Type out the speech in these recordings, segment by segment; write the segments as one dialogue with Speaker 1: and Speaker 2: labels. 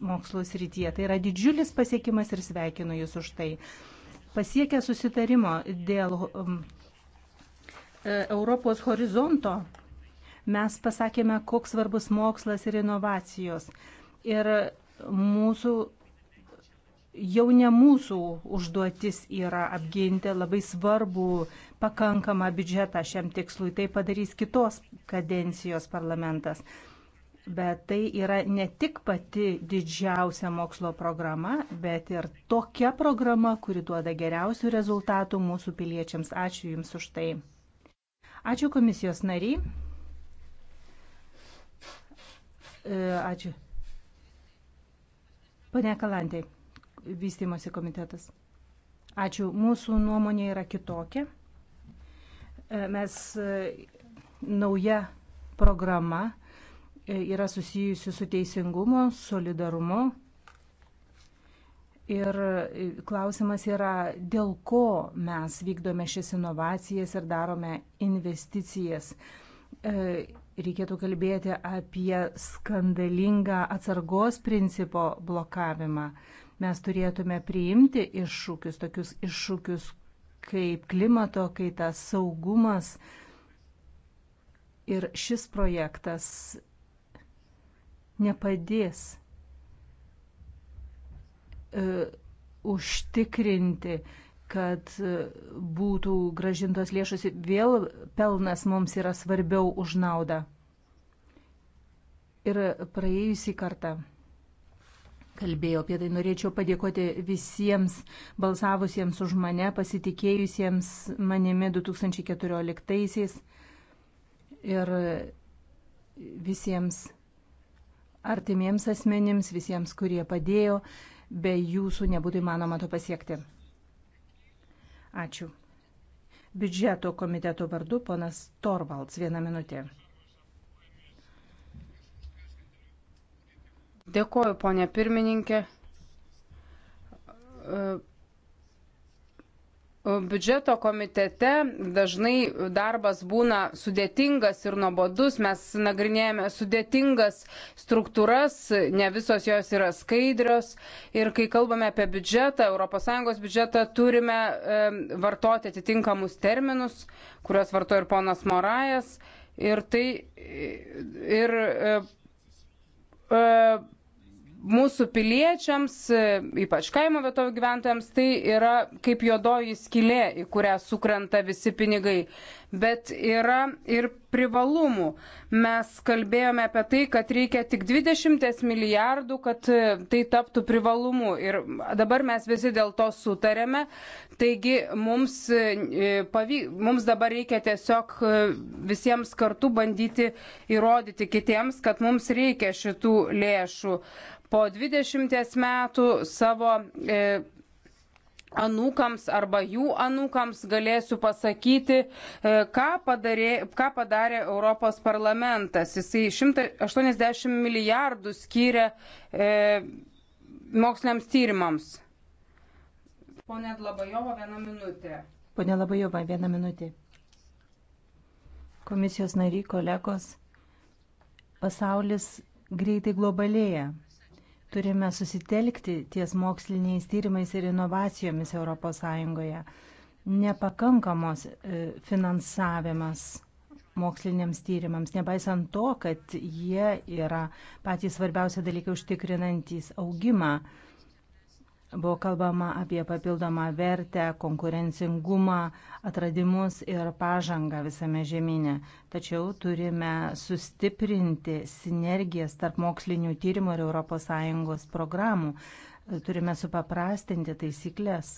Speaker 1: mokslus rytyje. Tai yra didžiulis pasiekimas ir sveikinu Jūs už tai. Pasiekę susitarimo dėl um, e, Europos horizonto, mes pasakėme, koks svarbus mokslas ir inovacijos. Ir mūsų, jau ne mūsų užduotis yra apginti labai svarbų pakankamą biudžetą šiam tikslui. Tai padarys kitos kadencijos parlamentas. Bet tai yra ne tik pati didžiausia mokslo programa, bet ir tokia programa, kuri duoda geriausių rezultatų mūsų piliečiams. Ačiū Jums už tai. Ačiū komisijos nariai. E, ačiū. Pane Kalantai, vystimosi komitetas. Ačiū. Mūsų nuomonė yra kitokia. E, mes e, nauja programa yra susijusi su teisingumu, solidarumu. Ir e, klausimas yra, dėl ko mes vykdome šias inovacijas ir darome investicijas. E, reikėtų kalbėti apie skandalingą atsargos principo blokavimą. Mes turėtume priimti iššūkius, tokius iššūkius kaip klimato kaita, saugumas. Ir šis projektas nepadės e, užtikrinti, kad e, būtų gražintos lėšos. Vėl pelnas mums yra svarbiau už naudą. Ir praėjusį kartą kalbėjau apie tai. Norėčiau padėkoti visiems balsavusiems už mane, pasitikėjusiems manimi 2014-aisiais ir visiems artimiems asmenims, visiems, kurie padėjo, be jūsų nebūtų įmanoma to pasiekti. Ačiū. Biudžeto komiteto vardu ponas Torvalds, vieną minutę.
Speaker 2: Dėkoju, ponė pirmininkė. Uh biudžeto komitete dažnai darbas būna sudėtingas ir nuobodus, mes nagrinėjame sudėtingas struktūras, ne visos jos yra skaidrios ir kai kalbame apie biudžetą, ES biudžetą, turime e, vartoti atitinkamus terminus, kuriuos varto ir ponas Morajas. Ir tai ir e, e, mūsų piliečiams, ypač kaimo vietovių gyventojams, tai yra kaip juodoji skylė, į kurią sukrenta visi pinigai. Bet yra ir privalumų. Mes kalbėjome apie tai, kad reikia tik 20 milijardų, kad tai taptų privalumu. Ir dabar mes visi dėl to sutarėme. Taigi mums, e, mums dabar reikia tiesiog e, visiems kartu bandyti įrodyti kitiems, kad mums reikia šitų lėšų po 20 metų savo e, anūkams arba jų anūkams galėsiu pasakyti, e, ką, padarė, ką padarė Europos parlamentas. Jisai 180 milijardų skyrė e, moksliniams tyrimams. Pone Labajova, vieną minutę.
Speaker 1: Pone Labajova, vieną minutę. Komisijos nariai, kolegos, pasaulis greitai globalėja. Turime susitelkti ties moksliniais tyrimais ir inovacijomis ES. Nepakankamos e, finansavimas moksliniams tyrimams, nepaisant to, kad jie yra patys svarbiausia dalykai užtikrinantys augimą. Buvo kalbama apie papildomą vertę, konkurencingumą, atradimus ir pažangą visame žemynė. Tačiau turime sustiprinti sinergijas tarp mokslinių tyrimų ir ES programų. Turime supaprastinti taisyklės.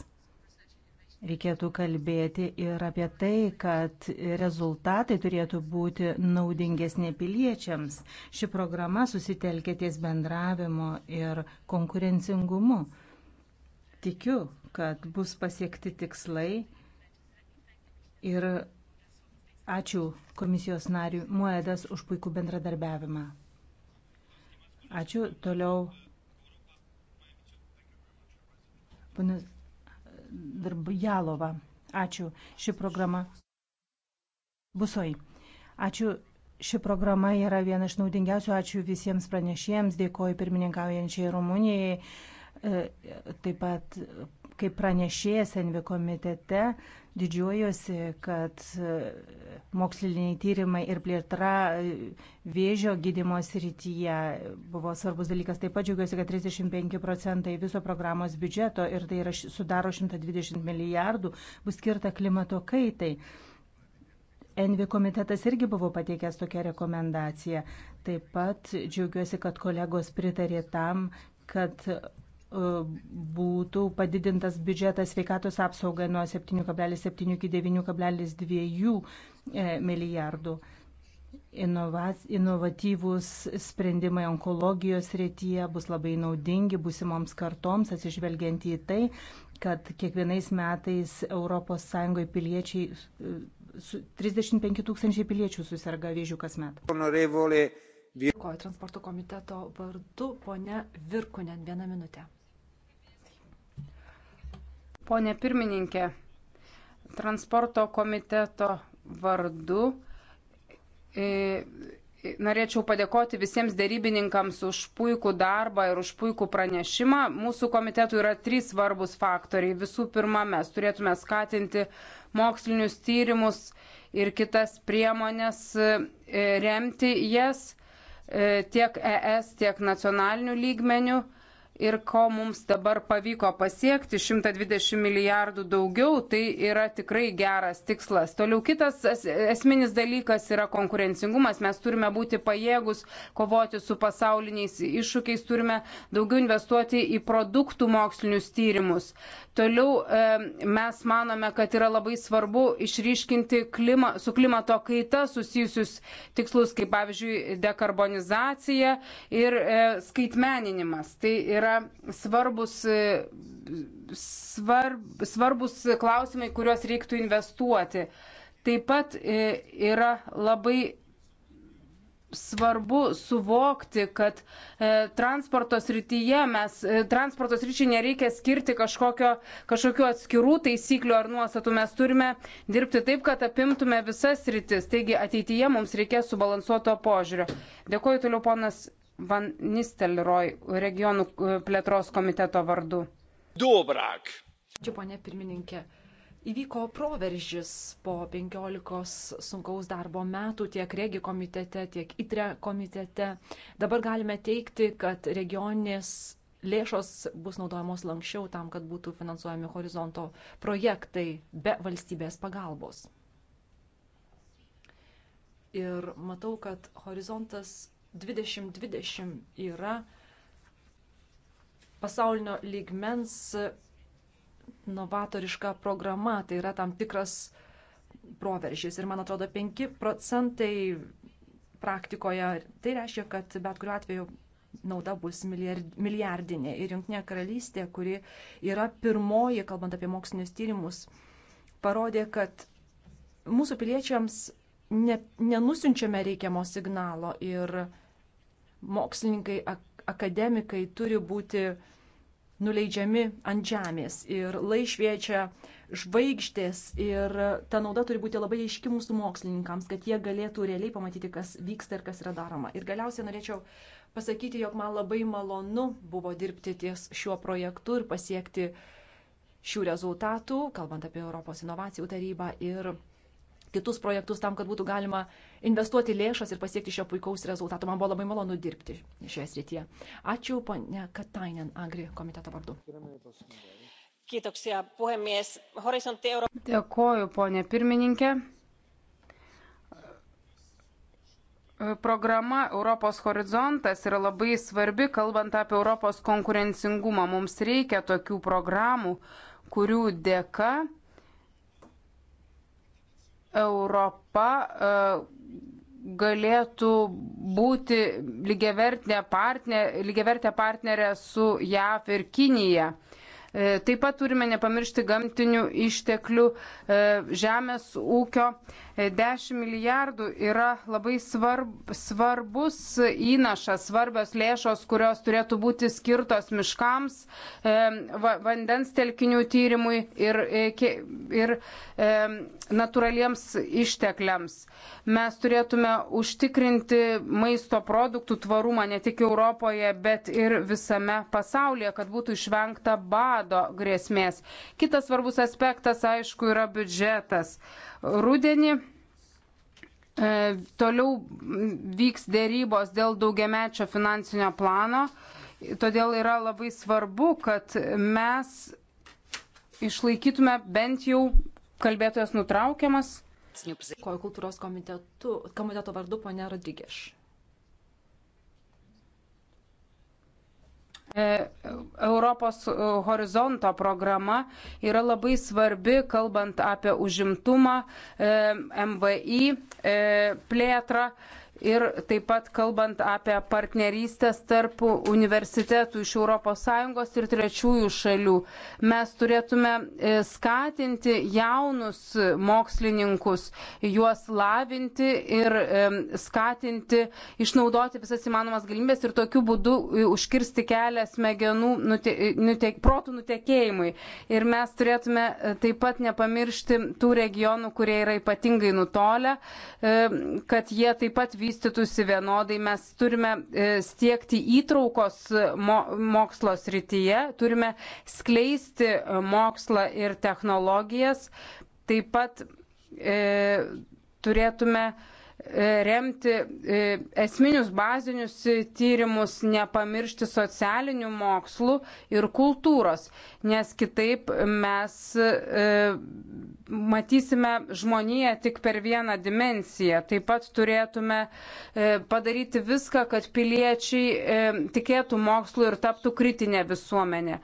Speaker 1: Reikėtų kalbėti ir apie tai, kad rezultatai turėtų būti naudingesnė piliečiams. Ši programa susitelkė ties bendravimo ir konkurencingumu. Tikiu, kad bus pasiekti tikslai ir ačiū komisijos nariui Muedas už puikų bendradarbiavimą. Ačiū. Toliau. Panas Darbujalova. Ačiū. Ši programa. Busoj. Ačiū. Ši programa yra viena iš naudingiausių. Ačiū visiems pranešėjams. Dėkoju pirmininkaujančiai Rumunijai. E, taip pat, kaip pranešėjas Envi komitete, didžiuojuosi, kad e, moksliniai tyrimai ir plėtra e, vėžio gydimo srityje buvo svarbus dalykas. Taip pat džiaugiuosi, kad 35 procentai viso programos biudžeto ir tai yra, sudaro 120 milijardų bus skirta klimato kaitai. Envi komitetas irgi buvo pateikęs tokią rekomendaciją. Taip pat džiaugiuosi, kad kolegos pritarė tam, kad E, būtų padidintas biudžetas sveikatos apsaugai nuo 7,7 iki 9,2 e, milijardų. Inovatyvūs sprendimai onkologijos rytyje bus labai naudingi busimoms kartoms, atsižvelgiant į tai, kad kiekvienais metais ES piliečiai, 35 e, tūkstančiai piliečių susirga vėžių kasmet. Dėkoju transporto komiteto vardu, ponia
Speaker 2: Virkunen, vieną minutę. Pone pirmininkė, transporto komiteto vardu e, e, norėčiau padėkoti visiems dėrybininkams už puikų darbą ir už puikų pranešimą. Mūsų komitetų yra trys svarbus faktoriai. Visų pirma, mes turėtume skatinti mokslinius tyrimus ir kitas priemonės, e, remti jas tiek ES, tiek nacionalinių lygmenių ir ko mums dabar pavyko pasiekti, 120 milijardų daugiau, tai yra tikrai geras tikslas. Toliau kitas esminis dalykas yra konkurencingumas. Mes turime būti pajėgus kovoti su pasauliniais iššūkiais, turime daugiau investuoti į produktų mokslinius tyrimus. Toliau e, mes manome, kad yra labai svarbu išryškinti klima, su klimato kaita susijusius tikslus, kaip pavyzdžiui dekarbonizacija ir e, skaitmeninimas. Tai yra yra svarbus, svarb, svarbus klausimai, kuriuos reiktų investuoti. Taip pat e, yra labai svarbu suvokti, kad e, transporto srityje mes, e, transporto sričiai nereikia skirti kažkokio, kažkokių atskirų taisyklių ar nuostatų. Mes turime dirbti taip, kad apimtume visas sritis. Taigi ateityje mums reikės subalansuoto požiūrio. Dėkuoju toliau ponas Van Nistelroj regionų e, plėtros komiteto vardu. Dobrak.
Speaker 3: Čia, ponė pirmininkė, įvyko proveržis po 15 sunkaus darbo metų tiek regi komitete, tiek itre komitete. Dabar galime teikti, kad regioninės lėšos bus naudojamos lankščiau tam, kad būtų finansuojami horizonto projektai be valstybės pagalbos. Ir matau, kad horizontas 2020 yra pasaulinio lygmens novatoriška programa, tai yra tam tikras proveržys. Ir man atrodo, 5 procentai praktikoje tai reiškia, kad bet kuriuo atveju nauda bus milijardinė. Ir Junktinė karalystė, kuri yra pirmoji, kalbant apie mokslinius tyrimus, parodė, kad mūsų piliečiams ne, nenusinčiame reikiamo signalo ir mokslininkai, ak akademikai turi būti nuleidžiami ant žemės ir laišviečia žvaigždės ir ta nauda turi būti labai aiški mūsų mokslininkams, kad jie galėtų realiai pamatyti, kas vyksta ir kas yra daroma. Ir galiausiai norėčiau pasakyti, jog man labai malonu buvo dirbti ties šiuo projektu ir pasiekti šių rezultatų, kalbant apie Europos inovacijų tarybą ir kitus projektus tam, kad būtų galima investuoti lėšas ir pasiekti šio puikaus rezultato. Man buvo labai malonu dirbti šioje srityje. Ačiū, ponia
Speaker 2: Katainen, Agri komiteto vardu.
Speaker 1: Kiitoksia, puhemies. Horisontti Euro...
Speaker 2: Dėkoju, ponė pirmininkė. Programa Europos horizontas yra labai svarbi, kalbant apie Europos konkurencingumą. Mums reikia tokių programų, kurių dėka Europa e, galėtų būti lygiavertė partnerė, lygiavertė partnerė su JAV ir Kinija. E, taip pat turime nepamiršti gamtinių išteklių, e, žemės ūkio. 10 e, milijardų yra labai svarb, svarbus įnašas, svarbios lėšos, kurios turėtų būti skirtos miškams, vandens telkinių tyrimui ir, ir natūraliems ištekliams. Mes turėtume užtikrinti maisto produktų tvarumą ne tik Europoje, bet ir visame pasaulyje, kad būtų išvengta bado prarado grėsmės. Kitas svarbus aspektas, aišku, yra biudžetas. Rudenį e, toliau vyks dėrybos dėl daugiamečio finansinio plano, todėl yra labai svarbu, kad mes išlaikytume bent jau kalbėtojas nutraukiamas.
Speaker 3: Kojo kultūros komitetu, komiteto vardu
Speaker 2: ponė Rodrygėš. Europos e, horizonto programa yra labai svarbi, kalbant apie užimtumą, e, MVI e, plėtrą ir taip pat kalbant apie partnerystės tarp universitetų iš ES ir trečiųjų šalių. Mes turėtume e, skatinti jaunus mokslininkus, juos lavinti ir e, skatinti išnaudoti visas įmanomas galimybės ir tokiu būdu e, užkirsti kelią smegenų nute, nute, protų nutekėjimui. Ir mes turėtume taip pat nepamiršti tų regionų, kurie yra ypatingai nutolę, kad jie taip pat vyksta vystytųsi vienodai, mes turime e, stiekti įtraukos mokslo srityje, turime skleisti e, mokslą ir technologijas, taip pat e, turėtume e, remti e, esminius bazinius tyrimus, nepamiršti socialinių mokslų ir kultūros, nes kitaip mes e, matysime žmoniją tik per vieną dimensiją. Taip pat turėtume e, padaryti viską, kad piliečiai tikėtų mokslu ir taptų kritinė visuomenė.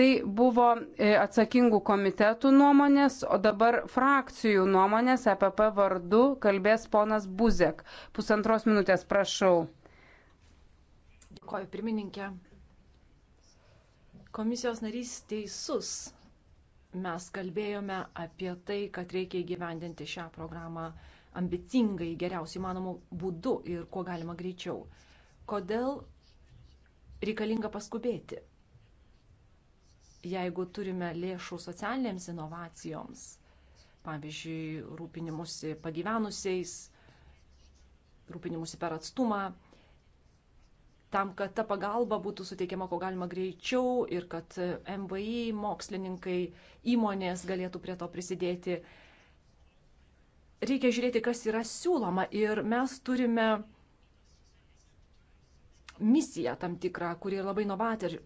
Speaker 2: Tai buvo e, atsakingų komitetų nuomonės, o dabar frakcijų nuomonės EPP vardu kalbės ponas Buzek. Pusantros minutės, prašau.
Speaker 3: Dėkoju, pirmininkė. Komisijos narys teisus. Mes kalbėjome apie tai, kad reikia įgyvendinti šią programą ambicingai, geriausiai įmanomu būdu ir kuo galima greičiau. Kodėl reikalinga paskubėti? jeigu turime lėšų socialinėms inovacijoms, pavyzdžiui, rūpinimusi pagyvenusiais, rūpinimusi per atstumą, tam, kad ta pagalba būtų suteikiama ko galima greičiau ir kad MVI, mokslininkai, įmonės galėtų prie to prisidėti. Reikia žiūrėti, kas yra siūloma ir mes turime misiją tam tikrą, kuri yra labai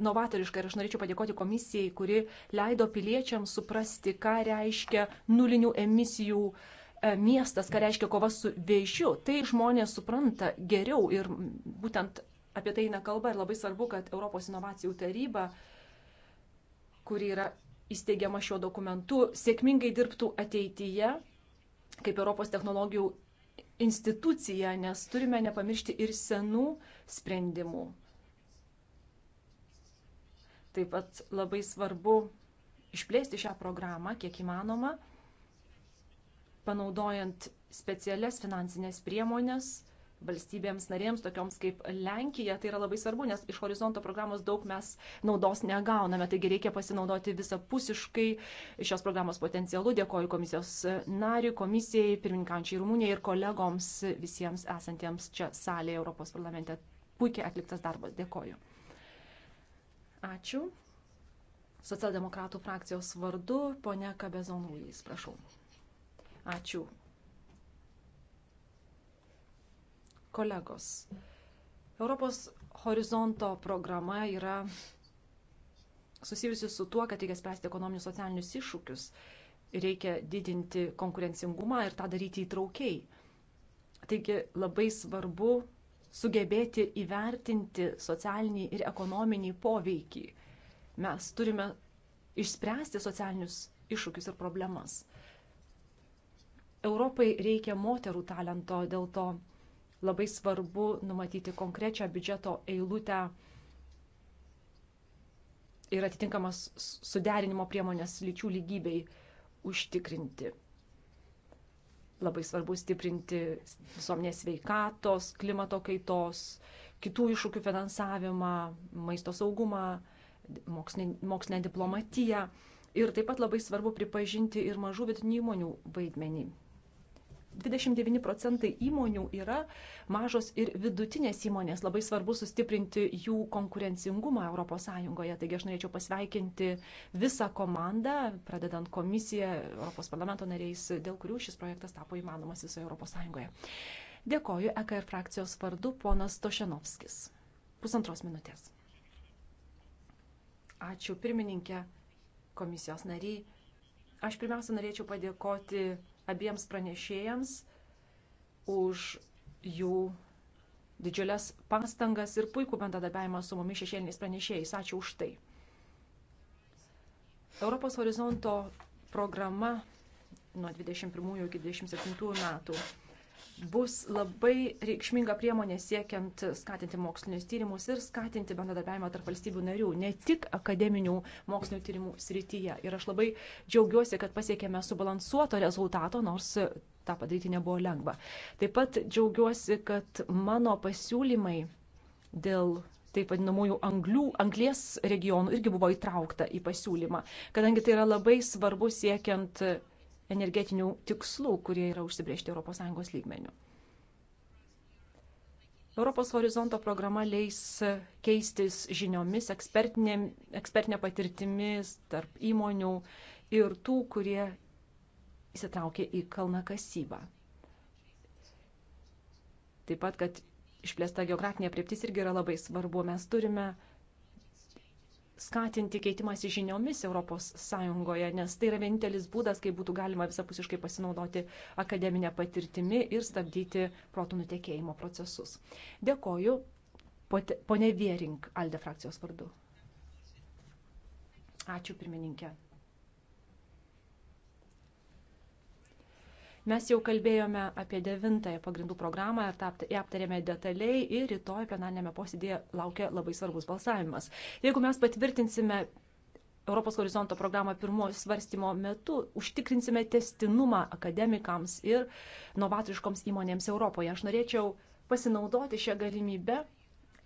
Speaker 3: novatoriška ir aš norėčiau padėkoti komisijai, kuri leido piliečiams suprasti, ką reiškia nulinių emisijų e, miestas, ką reiškia kova su vėžiu. Tai žmonės supranta geriau ir būtent apie tai eina kalba ir labai svarbu, kad Europos inovacijų taryba, kuri yra įsteigiama šiuo dokumentu, sėkmingai dirbtų ateityje kaip Europos technologijų instituciją, nes turime nepamiršti ir senų sprendimų. Taip pat labai svarbu išplėsti šią programą, kiek įmanoma, panaudojant specialias finansinės priemonės, valstybėms narėms, tokioms kaip Lenkija, tai yra labai svarbu, nes iš horizonto programos daug mes naudos negauname, taigi reikia pasinaudoti visapusiškai šios programos potencialu. Dėkoju komisijos nariui, komisijai, pirmininkančiai Rumunijai ir kolegoms visiems esantiems čia salėje Europos parlamente. Puikiai atliktas darbas, dėkoju. Ačiū. Socialdemokratų frakcijos vardu, ponia Kabezon Ruiz, prašau. Ačiū. Kolegos, Europos horizonto programa yra susijusi su tuo, kad reikia spręsti ekonominius socialinius iššūkius, reikia didinti konkurencingumą ir tą daryti įtraukiai. Taigi labai svarbu sugebėti įvertinti socialinį ir ekonominį poveikį. Mes turime išspręsti socialinius iššūkius ir problemas. Europai reikia moterų talento, dėl to labai svarbu numatyti konkrečią biudžeto eilutę ir atitinkamas suderinimo priemonės lyčių lygybei užtikrinti. Labai svarbu stiprinti visuomenės veikatos, klimato kaitos, kitų iššūkių finansavimą, maisto saugumą, mokslinę diplomatiją. Ir taip pat labai svarbu pripažinti ir mažų vidutinių įmonių vaidmenį 29 procentai įmonių yra mažos ir vidutinės įmonės. Labai svarbu sustiprinti jų konkurencingumą ES. Taigi aš norėčiau pasveikinti visą komandą, pradedant komisiją, Europos parlamento nariais, dėl kurių šis projektas tapo įmanomas visoje ES. Dėkoju EKR frakcijos vardu ponas Tošenovskis. Pusantros minutės. Ačiū pirmininkė, komisijos nariai. Aš pirmiausia norėčiau padėkoti abiems pranešėjams už jų didžiulės pastangas ir puikų bendradarbiavimą su mumis šešėliniais pranešėjais. Ačiū už tai. Europos horizonto programa nuo 21 iki 27 metų bus labai reikšminga priemonė siekiant skatinti mokslinius tyrimus ir skatinti bendradarbiavimą tarp valstybių narių, ne tik akademinių mokslinio tyrimų srityje. Ir aš labai džiaugiuosi, kad pasiekėme subalansuoto rezultato, nors tą padaryti nebuvo lengva. Taip pat džiaugiuosi, kad mano pasiūlymai dėl taip vadinamųjų anglių, anglės regionų irgi buvo įtraukta į pasiūlymą, kadangi tai yra labai svarbu siekiant energetinių tikslų, kurie yra užsibriežti ES lygmenių. Europos horizonto programa leis keistis žiniomis, ekspertinė, ekspertinė patirtimis tarp įmonių ir tų, kurie įsitraukė į kalnakasybą. Taip pat, kad išplėsta geografinė prieptis irgi yra labai svarbu. Mes turime uh, skatinti keitimąsi žiniomis ES, nes tai yra vienintelis būdas, kaip būtų galima visapusiškai pasinaudoti akademinę patirtimi ir stabdyti protų nutekėjimo procesus. Dėkoju, ponė Viering, Alde frakcijos vardu. Ačiū pirmininkė. Mes jau kalbėjome apie devintąją pagrindų programą ir ją aptarėme detaliai ir rytoj plenarnėme posėdėje laukia labai svarbus balsavimas. Jeigu mes patvirtinsime Europos horizonto programą pirmojo svarstymo metu, užtikrinsime testinumą akademikams ir novatoriškoms įmonėms Europoje. Aš norėčiau pasinaudoti šią galimybę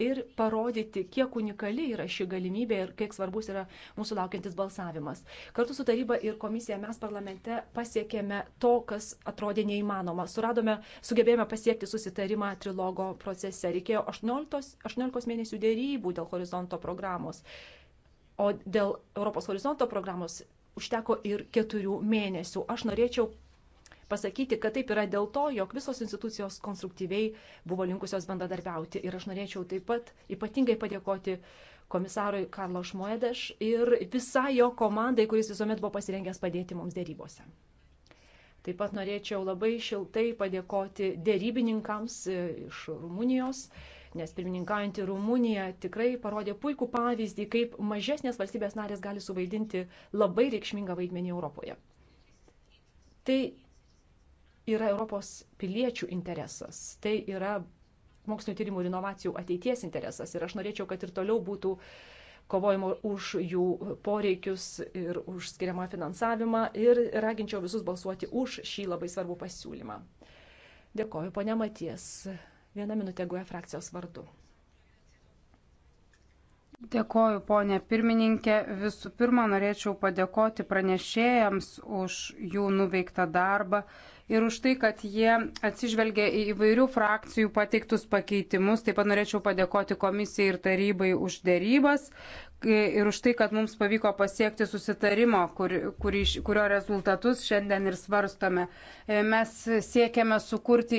Speaker 3: ir parodyti, kiek unikali yra ši galimybė ir kiek svarbus yra mūsų laukiantis balsavimas. Kartu su taryba ir komisija mes parlamente pasiekėme to, kas atrodė neįmanoma. Suradome, sugebėjome pasiekti susitarimą trilogo procese. Reikėjo 18, 18 mėnesių dėrybų dėl horizonto programos. O dėl Europos horizonto programos užteko ir keturių mėnesių. Aš norėčiau pasakyti, kad taip yra dėl to, jog visos institucijos konstruktyviai buvo linkusios bendradarbiauti. Ir aš norėčiau taip pat ypatingai padėkoti komisarui Karlo Šmoedeš ir visai jo komandai, kuris visuomet buvo pasirengęs padėti mums dėrybose. Taip pat norėčiau labai šiltai padėkoti dėrybininkams e, iš Rumunijos, nes pirmininkaujantį Rumuniją tikrai parodė puikų pavyzdį, kaip mažesnės valstybės narės gali suvaidinti labai reikšmingą vaidmenį Europoje. Tai yra Europos piliečių interesas. Tai yra mokslinio tyrimų ir inovacijų ateities interesas. Ir aš norėčiau, kad ir toliau būtų kovojimo už jų poreikius ir už skiriamą finansavimą. Ir raginčiau visus balsuoti už šį labai svarbų pasiūlymą. Dėkoju, ponia Maties.
Speaker 2: Vieną minutę guoja e frakcijos vardu. Dėkoju, ponė pirmininkė. Visų pirma, norėčiau padėkoti pranešėjams už jų nuveiktą darbą ir už tai, kad jie atsižvelgia į įvairių frakcijų pateiktus pakeitimus. Taip pat norėčiau padėkoti komisijai ir tarybai už dėrybas ir už tai, kad mums pavyko pasiekti susitarimo, kur, kur, kurio rezultatus šiandien ir svarstome. Mes siekiame sukurti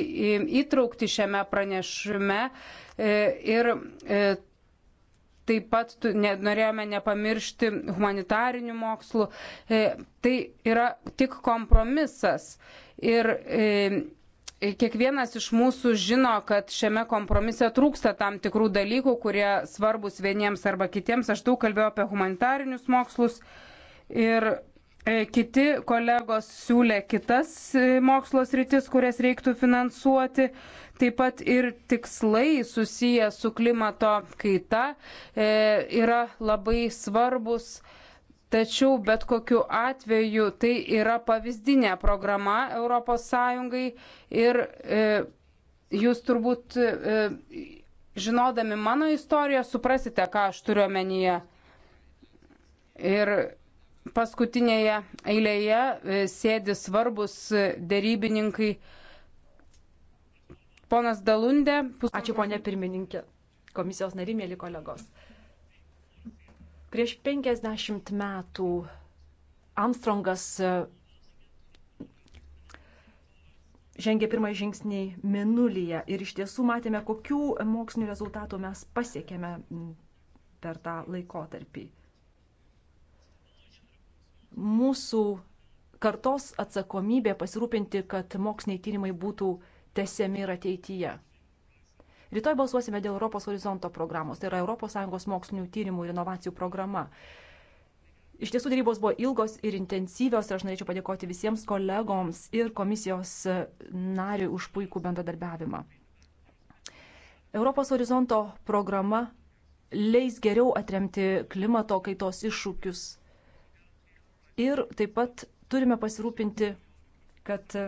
Speaker 2: įtraukti šiame pranešime e, ir e, taip pat norėjome nepamiršti humanitarinių mokslų. E, tai yra tik kompromisas. Ir e, kiekvienas iš mūsų žino, kad šiame kompromise trūksta tam tikrų dalykų, kurie svarbus vieniems arba kitiems. Aš daug kalbėjau apie humanitarinius mokslus. Ir e, Kiti kolegos siūlė kitas mokslos rytis, kurias reiktų finansuoti. Taip pat ir tikslai susiję su klimato kaita e, yra labai svarbus. Tačiau bet kokiu atveju tai yra pavyzdinė programa ES ir e, jūs turbūt e, žinodami mano istoriją suprasite, ką aš turiu omenyje. Ir paskutinėje eilėje e, sėdi svarbus e, dėrybininkai Ponas Dalundė. Pus... Ačiū, ponė pirmininkė. Komisijos nariai, mėly kolegos.
Speaker 3: Prieš 50 metų Armstrongas e, žengė pirmąjį žingsnį minulyje ir iš tiesų matėme, kokių mokslinių rezultatų mes pasiekėme per tą laikotarpį. Mūsų kartos atsakomybė pasirūpinti, kad moksliniai tyrimai būtų tesiami ir ateityje. Rytoj balsuosime dėl Europos horizonto programos, tai yra ES mokslinių tyrimų ir inovacijų programa. Iš tiesų dėrybos buvo ilgos ir intensyvios ir aš norėčiau padėkoti visiems kolegoms ir komisijos nariui už puikų bendradarbiavimą. Europos horizonto programa leis geriau atremti klimato kaitos iššūkius ir taip pat turime pasirūpinti, kad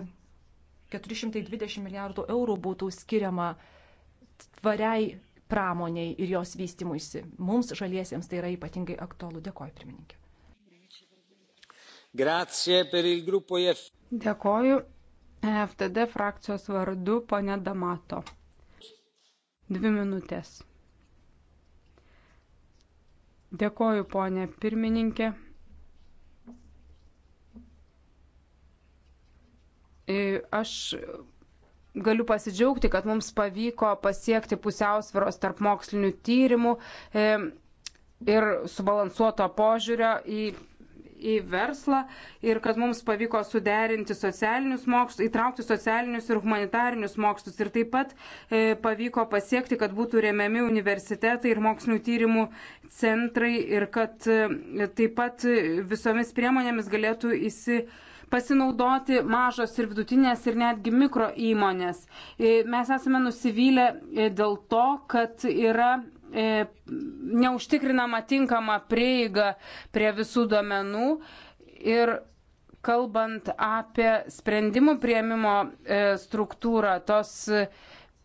Speaker 3: 420 milijardų eurų būtų skiriama tvariai pramoniai ir jos vystimuisi. Mums žaliesiems tai yra ypatingai
Speaker 2: aktualu. Dėkoju, pirmininkė. E Dėkoju. E FTD frakcijos vardu ponė Damato. Dvi minutės. Dėkoju, ponė pirmininkė. E, aš galiu pasidžiaugti, kad mums pavyko pasiekti pusiausviros tarp mokslinių tyrimų e, ir subalansuoto požiūrio į, į verslą ir kad mums pavyko suderinti socialinius mokslus, įtraukti socialinius ir humanitarinius mokslus ir taip pat e, pavyko pasiekti, kad būtų remiami universitetai ir mokslinių tyrimų centrai ir kad e, taip pat e, visomis priemonėmis galėtų įsivaizduoti pasinaudoti mažos ir vidutinės ir netgi mikro įmonės. E, mes esame nusivylę e, dėl to, kad yra e, neužtikrinama tinkama prieiga prie visų duomenų ir kalbant apie sprendimų prieimimo struktūrą, tos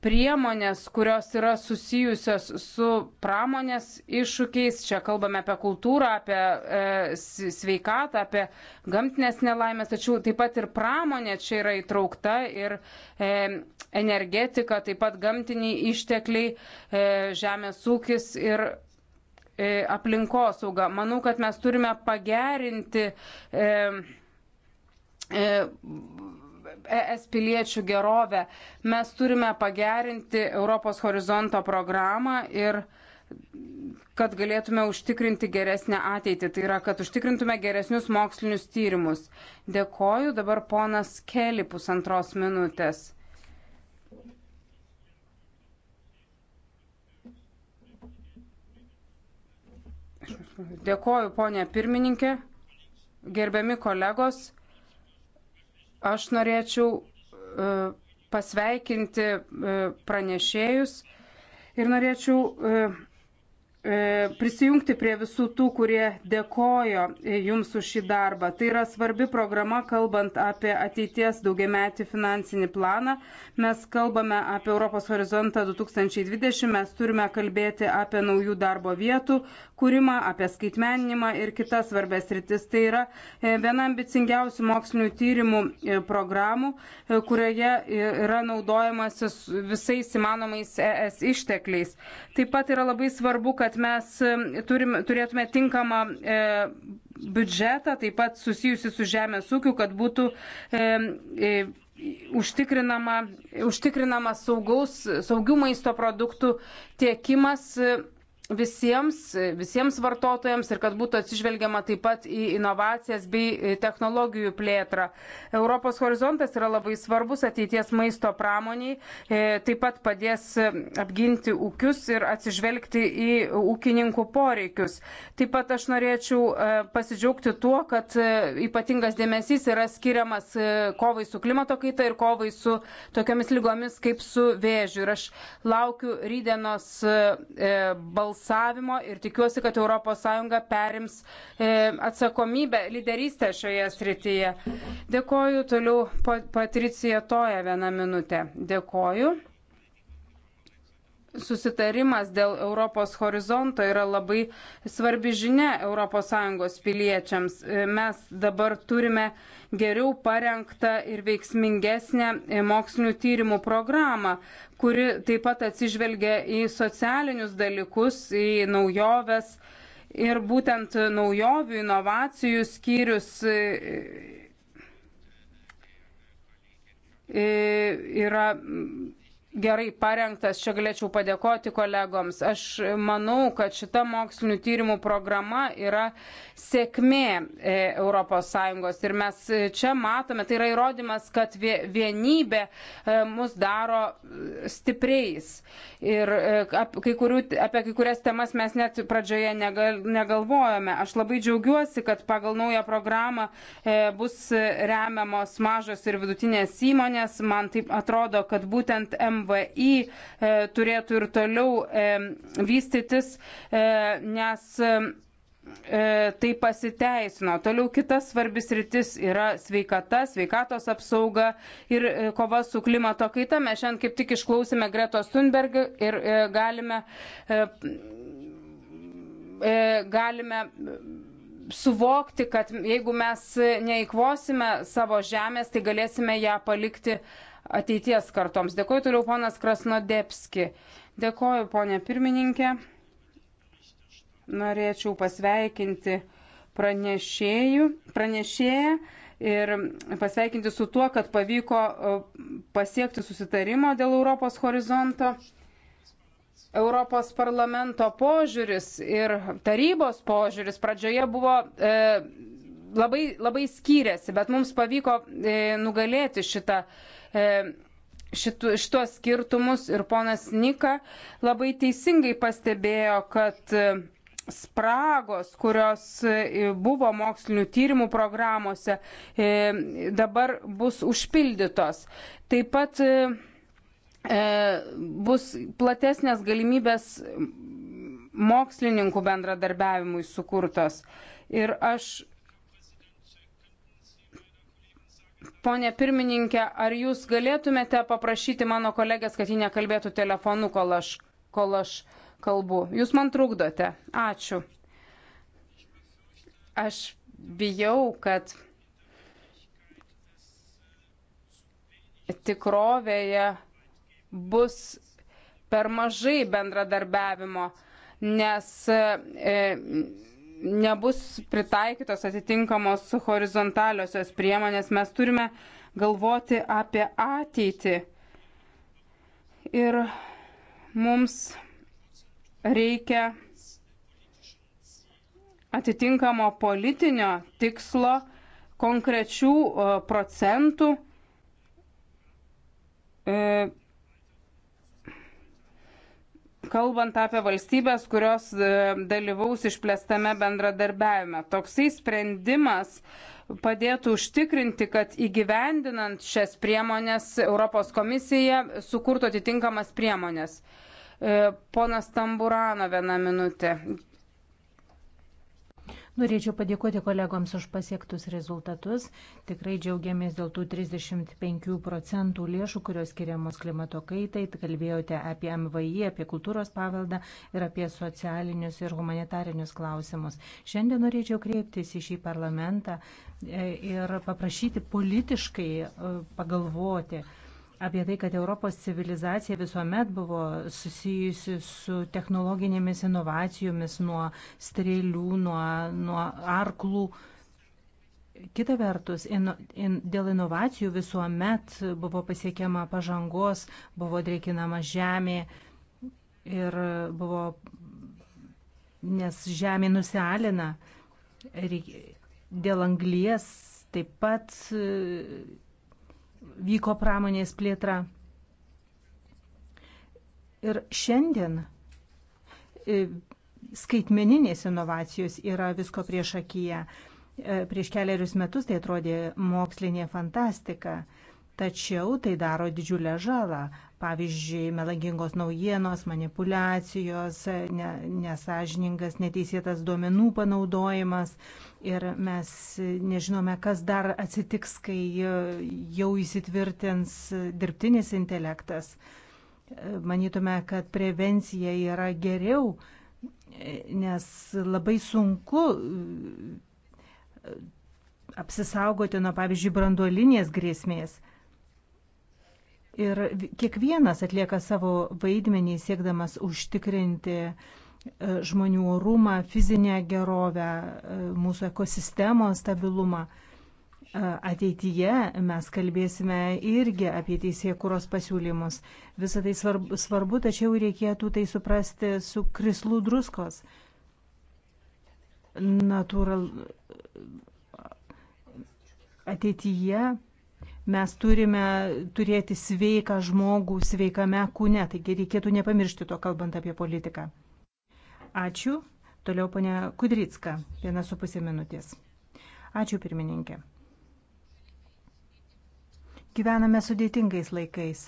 Speaker 2: priemonės, kurios yra susijusios su pramonės iššūkiais. Čia kalbame apie kultūrą, apie e, sveikatą, apie gamtinės nelaimės, tačiau taip pat ir pramonė čia yra įtraukta ir e, energetika, taip pat gamtiniai ištekliai, e, žemės ūkis ir e, aplinkosauga. Manau, kad mes turime pagerinti. E, e, ES piliečių gerovę. Mes turime pagerinti Europos horizonto programą ir kad galėtume užtikrinti geresnę ateitį, tai yra, kad užtikrintume geresnius mokslinius tyrimus. Dėkoju, dabar ponas Keli pusantros minutės. Dėkoju, ponė pirmininkė, gerbiami kolegos. Aš norėčiau e, pasveikinti e, pranešėjus ir norėčiau e, E, prisijungti prie visų tų, kurie dėkojo e, Jums už šį darbą. Tai yra svarbi programa, kalbant apie ateities daugiametį finansinį planą. Mes kalbame apie Europos horizontą 2020, mes turime kalbėti apie naujų darbo vietų kūrimą, apie skaitmeninimą ir kitas svarbės rytis. Tai yra e, viena ambicingiausių mokslinių tyrimų programų, kurioje yra naudojamas visais įmanomais ES ištekliais. Taip pat yra labai svarbu, kad kad mes turim, turėtume tinkamą e, biudžetą, taip pat susijusi su žemės ūkiu, kad būtų e, e, užtikrinama, užtikrinama saugaus, saugių maisto produktų tiekimas. E, visiems, visiems vartotojams ir kad būtų atsižvelgiama taip pat į inovacijas bei e, technologijų plėtrą. Europos horizontas yra labai svarbus ateities maisto pramoniai, e, taip pat padės e, apginti ūkius ir atsižvelgti į ūkininkų poreikius. Taip pat aš norėčiau pasidžiaugti tuo, kad ypatingas dėmesys yra skiriamas kovai su klimato kaita ir kovai su tokiamis lygomis kaip su vėžiu. Ir aš laukiu rydienos balsų balsavimo ir tikiuosi, kad ES perims e, atsakomybę, lyderystę šioje srityje. Dėkoju toliau Patricija Toja vieną minutę. Dėkoju susitarimas dėl Europos horizonto yra labai svarbi žinia ES piliečiams. Mes dabar turime geriau parengtą ir veiksmingesnę mokslinių tyrimų programą, kuri taip pat atsižvelgia į socialinius dalykus, į naujoves. Ir būtent naujovių inovacijų skyrius e, e, yra gerai parengtas, čia galėčiau padėkoti kolegoms. Aš manau, kad šita mokslinių tyrimų programa yra sėkmė ES ir mes e, čia matome, tai yra įrodymas, kad vienybė e, mus daro e, stipriais. Ir kai kurių, apie kai kurias temas mes net pradžioje negal, negalvojame. Aš labai džiaugiuosi, kad pagal naują programą bus remiamos mažos ir vidutinės įmonės. Man taip atrodo, kad būtent MBA MVI e, turėtų ir toliau e, vystytis, e, nes tai pasiteisino. Toliau kitas svarbis rytis yra sveikata, sveikatos apsauga ir kova su klimato kaita. Mes šiandien kaip tik išklausime Greto Thunberg ir galime, galime suvokti, kad jeigu mes neįkvosime savo žemės, tai galėsime ją palikti ateities kartoms. Dėkuoju toliau ponas Krasnodepski. Dėkuoju ponė pirmininkė. Norėčiau pasveikinti pranešėjų, pranešėją ir pasveikinti su tuo, kad pavyko e, pasiekti susitarimo dėl Europos horizonto. Europos parlamento požiūris ir tarybos požiūris pradžioje buvo e, labai, labai skyrėsi, bet mums pavyko e, nugalėti šitą e, E, šitu, šitos skirtumus ir ponas Nika labai teisingai pastebėjo, kad e, spragos, kurios e, buvo mokslinių tyrimų programuose, dabar bus užpildytos. Taip pat bus platesnės galimybės mokslininkų bendradarbiavimui sukurtos. Ir aš Pone pirmininkė, ar jūs galėtumėte paprašyti mano kolegės, kad ji nekalbėtų telefonu, kol aš, kol aš kalbu? Jūs man trukdote. Ačiū. Aš bijau, kad tikrovėje bus per mažai bendradarbiavimo, nes. E, nebus pritaikytos atitinkamos horizontaliosios priemonės, mes turime galvoti apie ateitį. Ir mums reikia atitinkamo politinio tikslo, konkrečių e, procentų. E, kalbant apie valstybės, kurios e, dalyvaus išplėstame bendradarbiavime. Toksai sprendimas padėtų užtikrinti, kad įgyvendinant šias priemonės Europos komisija sukurtų atitinkamas priemonės. E, ponas Tamburano vieną minutę.
Speaker 1: Norėčiau padėkoti kolegoms už pasiektus rezultatus. Tikrai džiaugiamės dėl tų 35 procentų lėšų, kurios skiriamos klimato kaitai. Kalbėjote apie MVI, apie kultūros paveldą ir apie socialinius ir humanitarinius klausimus. Šiandien norėčiau kreiptis į šį parlamentą e, ir paprašyti politiškai e, pagalvoti apie tai, kad Europos civilizacija visuomet buvo susijusi su technologinėmis inovacijomis nuo strėlių, nuo, nuo arklų. Kita vertus, in, in, dėl inovacijų visuomet buvo pasiekiama pažangos, buvo dreikinama žemė ir buvo, nes žemė nusialina. Dėl anglies taip pat vyko pramonės plėtra. Ir šiandien e, skaitmeninės inovacijos yra visko prieš akiją. E, prieš keliarius metus tai atrodė mokslinė fantastika, tačiau tai daro didžiulę žalą pavyzdžiui, melagingos naujienos, manipulacijos, ne, nesažiningas, neteisėtas duomenų panaudojimas. Ir mes nežinome, kas dar atsitiks, kai jau įsitvirtins dirbtinis intelektas. Manytume, kad prevencija yra geriau, nes labai sunku apsisaugoti nuo, pavyzdžiui, branduolinės grėsmės. Ir kiekvienas atlieka savo vaidmenį siekdamas užtikrinti e, žmonių orumą, fizinę gerovę, e, mūsų ekosistemos stabilumą. E, ateityje mes kalbėsime irgi apie teisėkuros pasiūlymus. Visą tai svarbu, svarbu, tačiau reikėtų tai suprasti su krislų druskos. Natural... Ateityje Mes turime turėti sveiką žmogų sveikame kūne, taigi reikėtų nepamiršti to, kalbant apie politiką. Ačiū. Toliau ponia Kudrytska, viena su pusė minutės. Ačiū pirmininkė. Gyvename sudėtingais laikais.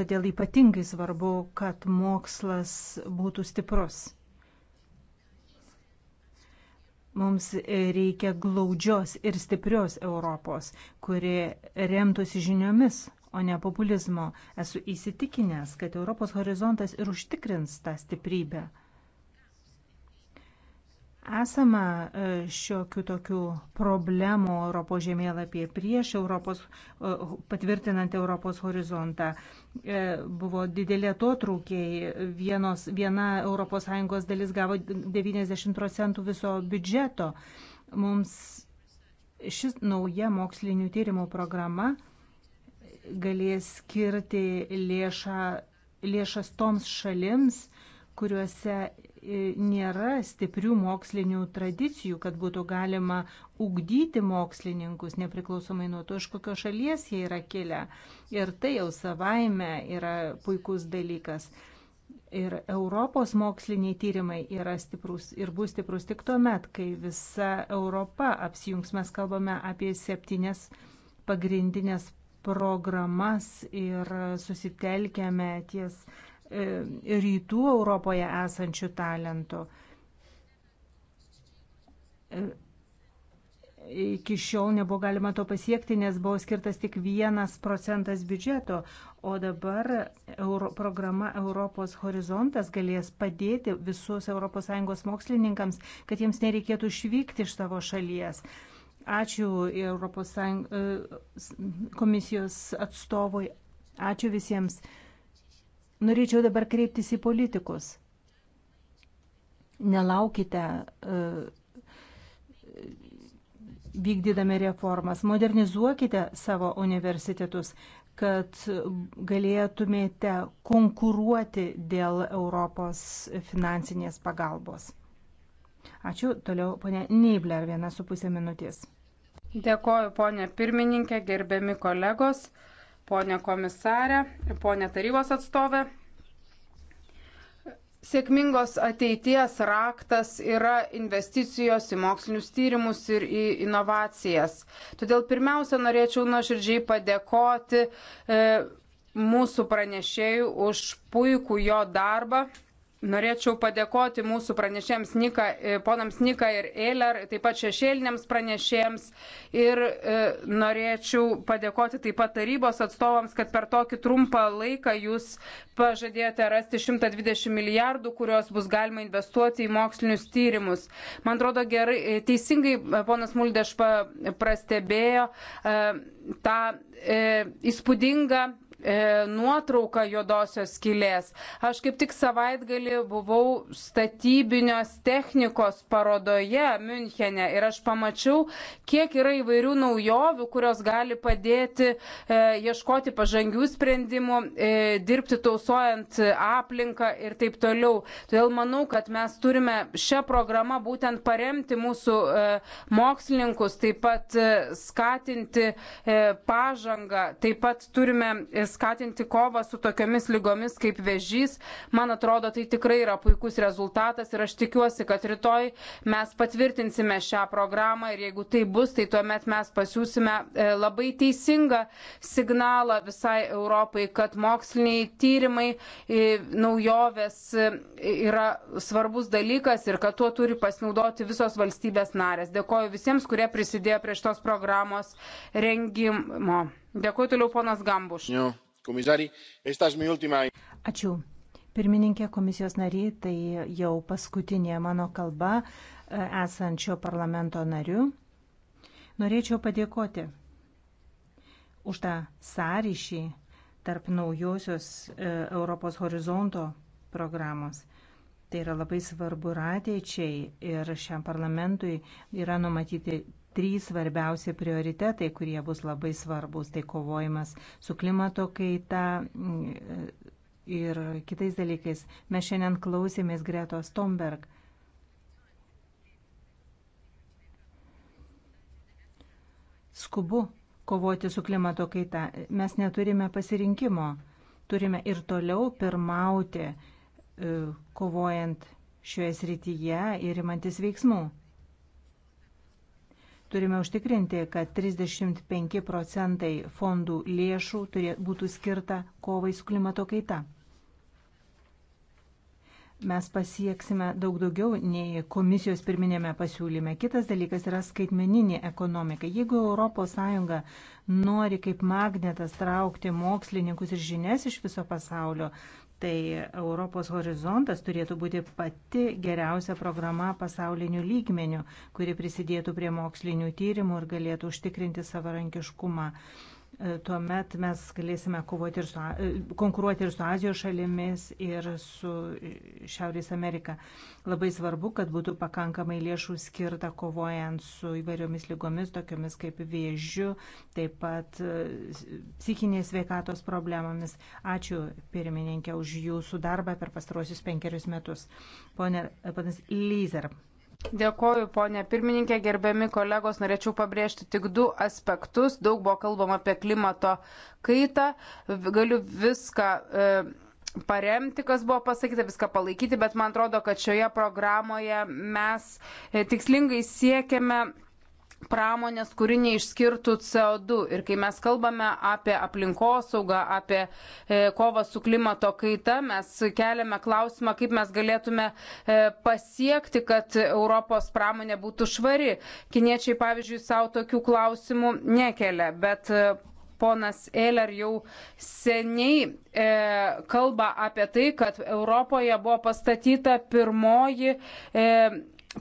Speaker 1: Todėl ypatingai svarbu, kad mokslas būtų stiprus. Mums reikia glaudžios ir stiprios Europos, kuri remtųsi žiniomis, o ne populizmo. Esu įsitikinęs, kad Europos horizontas ir užtikrins tą stiprybę. Esama e, šiokių tokių problemų Europos žemėlapyje prieš Europos, e, patvirtinant Europos horizontą. E, buvo didelė to trūkiai. Vienos, viena ES dalis gavo 90 procentų viso biudžeto. Mums šis nauja mokslinių tyrimų programa galės skirti lėšą, lėšas toms šalims, kuriuose E, nėra stiprių mokslinių tradicijų, kad būtų galima ugdyti mokslininkus nepriklausomai nuo to, iš kokios šalies jie yra kilę. Ir tai jau savaime yra puikus dalykas. Ir Europos moksliniai tyrimai yra stiprus ir bus stiprus tik tuo met, kai visa Europa apsijungs. Mes kalbame apie septynes pagrindinės programas ir susitelkėme ties E, rytų Europoje esančių talentų. E, iki šiol nebuvo galima to pasiekti, nes buvo skirtas tik vienas procentas biudžeto, o dabar Euro, programa Europos horizontas galės padėti visus ES mokslininkams, kad jiems nereikėtų išvykti iš savo šalies. Ačiū Europos e, komisijos atstovui, ačiū visiems. Norėčiau dabar kreiptis į politikus. Nelaukite e, vykdydami reformas. Modernizuokite savo universitetus, kad galėtumėte konkuruoti dėl Europos finansinės pagalbos. Ačiū. Toliau, ponė Neibler, viena su pusė minutės.
Speaker 2: Dėkoju, ponė pirmininkė, gerbiami kolegos ponė komisarė, ponė tarybos atstovė. Sėkmingos ateities raktas yra investicijos į mokslinius tyrimus ir į inovacijas. Todėl pirmiausia, norėčiau nuoširdžiai padėkoti e, mūsų pranešėjų už puikų jo darbą. Norėčiau padėkoti mūsų pranešėjams Nika, e, ponams Nika ir Eiler, taip pat šešėliniams pranešėjams ir e, norėčiau padėkoti taip pat tarybos atstovams, kad per tokį trumpą laiką jūs pažadėjote rasti 120 milijardų, kuriuos bus galima investuoti į mokslinius tyrimus. Man atrodo gerai, e, teisingai e, ponas Muldeš prastebėjo e, tą e, įspūdingą e, nuotrauką juodosios skylės. Aš kaip tik savaitgalį buvau statybinios technikos parodoje Münchene ir aš pamačiau, kiek yra įvairių naujovių, kurios gali padėti e, ieškoti pažangių sprendimų, e, dirbti tausojant aplinką ir taip toliau. Todėl manau, kad mes turime šią programą būtent paremti mūsų e, mokslininkus, taip pat e, skatinti e, pažangą, taip pat turime skatinti kovą su tokiamis lygomis kaip vežys. Man atrodo, tai tikrai yra puikus rezultatas ir aš tikiuosi, kad rytoj mes patvirtinsime šią programą ir jeigu tai bus, tai tuomet mes pasiūsime e, labai teisingą signalą visai Europai, kad moksliniai tyrimai, e, naujovės e, yra svarbus dalykas ir kad tuo turi pasinaudoti visos valstybės narės. Dėkoju visiems, kurie prisidėjo prie šitos programos rengimo. Dėkuoju toliau, ponas Gambuš.
Speaker 1: Ačiū. Pirmininkė komisijos nariai, tai jau paskutinė mano kalba e, esančio parlamento nariu. Norėčiau padėkoti už tą sąryšį tarp naujosios e, Europos horizonto programos. Tai yra labai svarbu ir ateičiai ir šiam parlamentui yra numatyti trys svarbiausi prioritetai, kurie bus labai svarbus - tai kovojimas su klimato kaita mm, ir kitais dalykais. Mes šiandien klausėmės Gretos Tomberg. Skubu kovoti su klimato kaita. Mes neturime pasirinkimo. Turime ir toliau pirmauti, e, kovojant šioje srityje ir imantis veiksmų. Turime užtikrinti, kad 35 procentai fondų lėšų turė, būtų skirta kovai su klimato kaita. Mes pasieksime daug daugiau nei komisijos pirminėme pasiūlyme. Kitas dalykas yra skaitmeninė ekonomika. Jeigu ES nori kaip magnetas traukti mokslininkus ir žinias iš viso pasaulio, tai Europos horizontas turėtų būti pati geriausia programa pasauliniu lygmeniu, kuri prisidėtų prie mokslinių tyrimų ir galėtų užtikrinti savarankiškumą Tuomet mes galėsime kovoti ir su, e, konkuruoti ir su Azijos šalimis, ir su Šiaurės Amerika. Labai svarbu, kad būtų pakankamai lėšų skirta kovojant su įvairiomis lygomis, tokiomis kaip vėžiu, taip pat e, psichinės veikatos problemomis. Ačiū pirmininkė už jūsų darbą per pastarosius penkerius metus. Pone, e, panas Lyzer.
Speaker 2: Dėkoju, ponė pirmininkė, gerbiami kolegos, norėčiau pabrėžti tik du aspektus. Daug buvo kalbama apie klimato kaitą. Galiu viską. E, paremti, kas buvo pasakyta, viską palaikyti, bet man atrodo, kad šioje programoje mes e, tikslingai siekiame pramonės, kuri neišskirtų CO2. Ir kai mes kalbame apie aplinkosaugą, apie e, kovą su klimato kaita, mes keliame klausimą, kaip mes galėtume e, pasiekti, kad Europos pramonė būtų švari. Kiniečiai, pavyzdžiui, savo tokių klausimų nekelia, bet e, ponas Eiler jau seniai e, kalba apie tai, kad Europoje buvo pastatyta pirmoji e,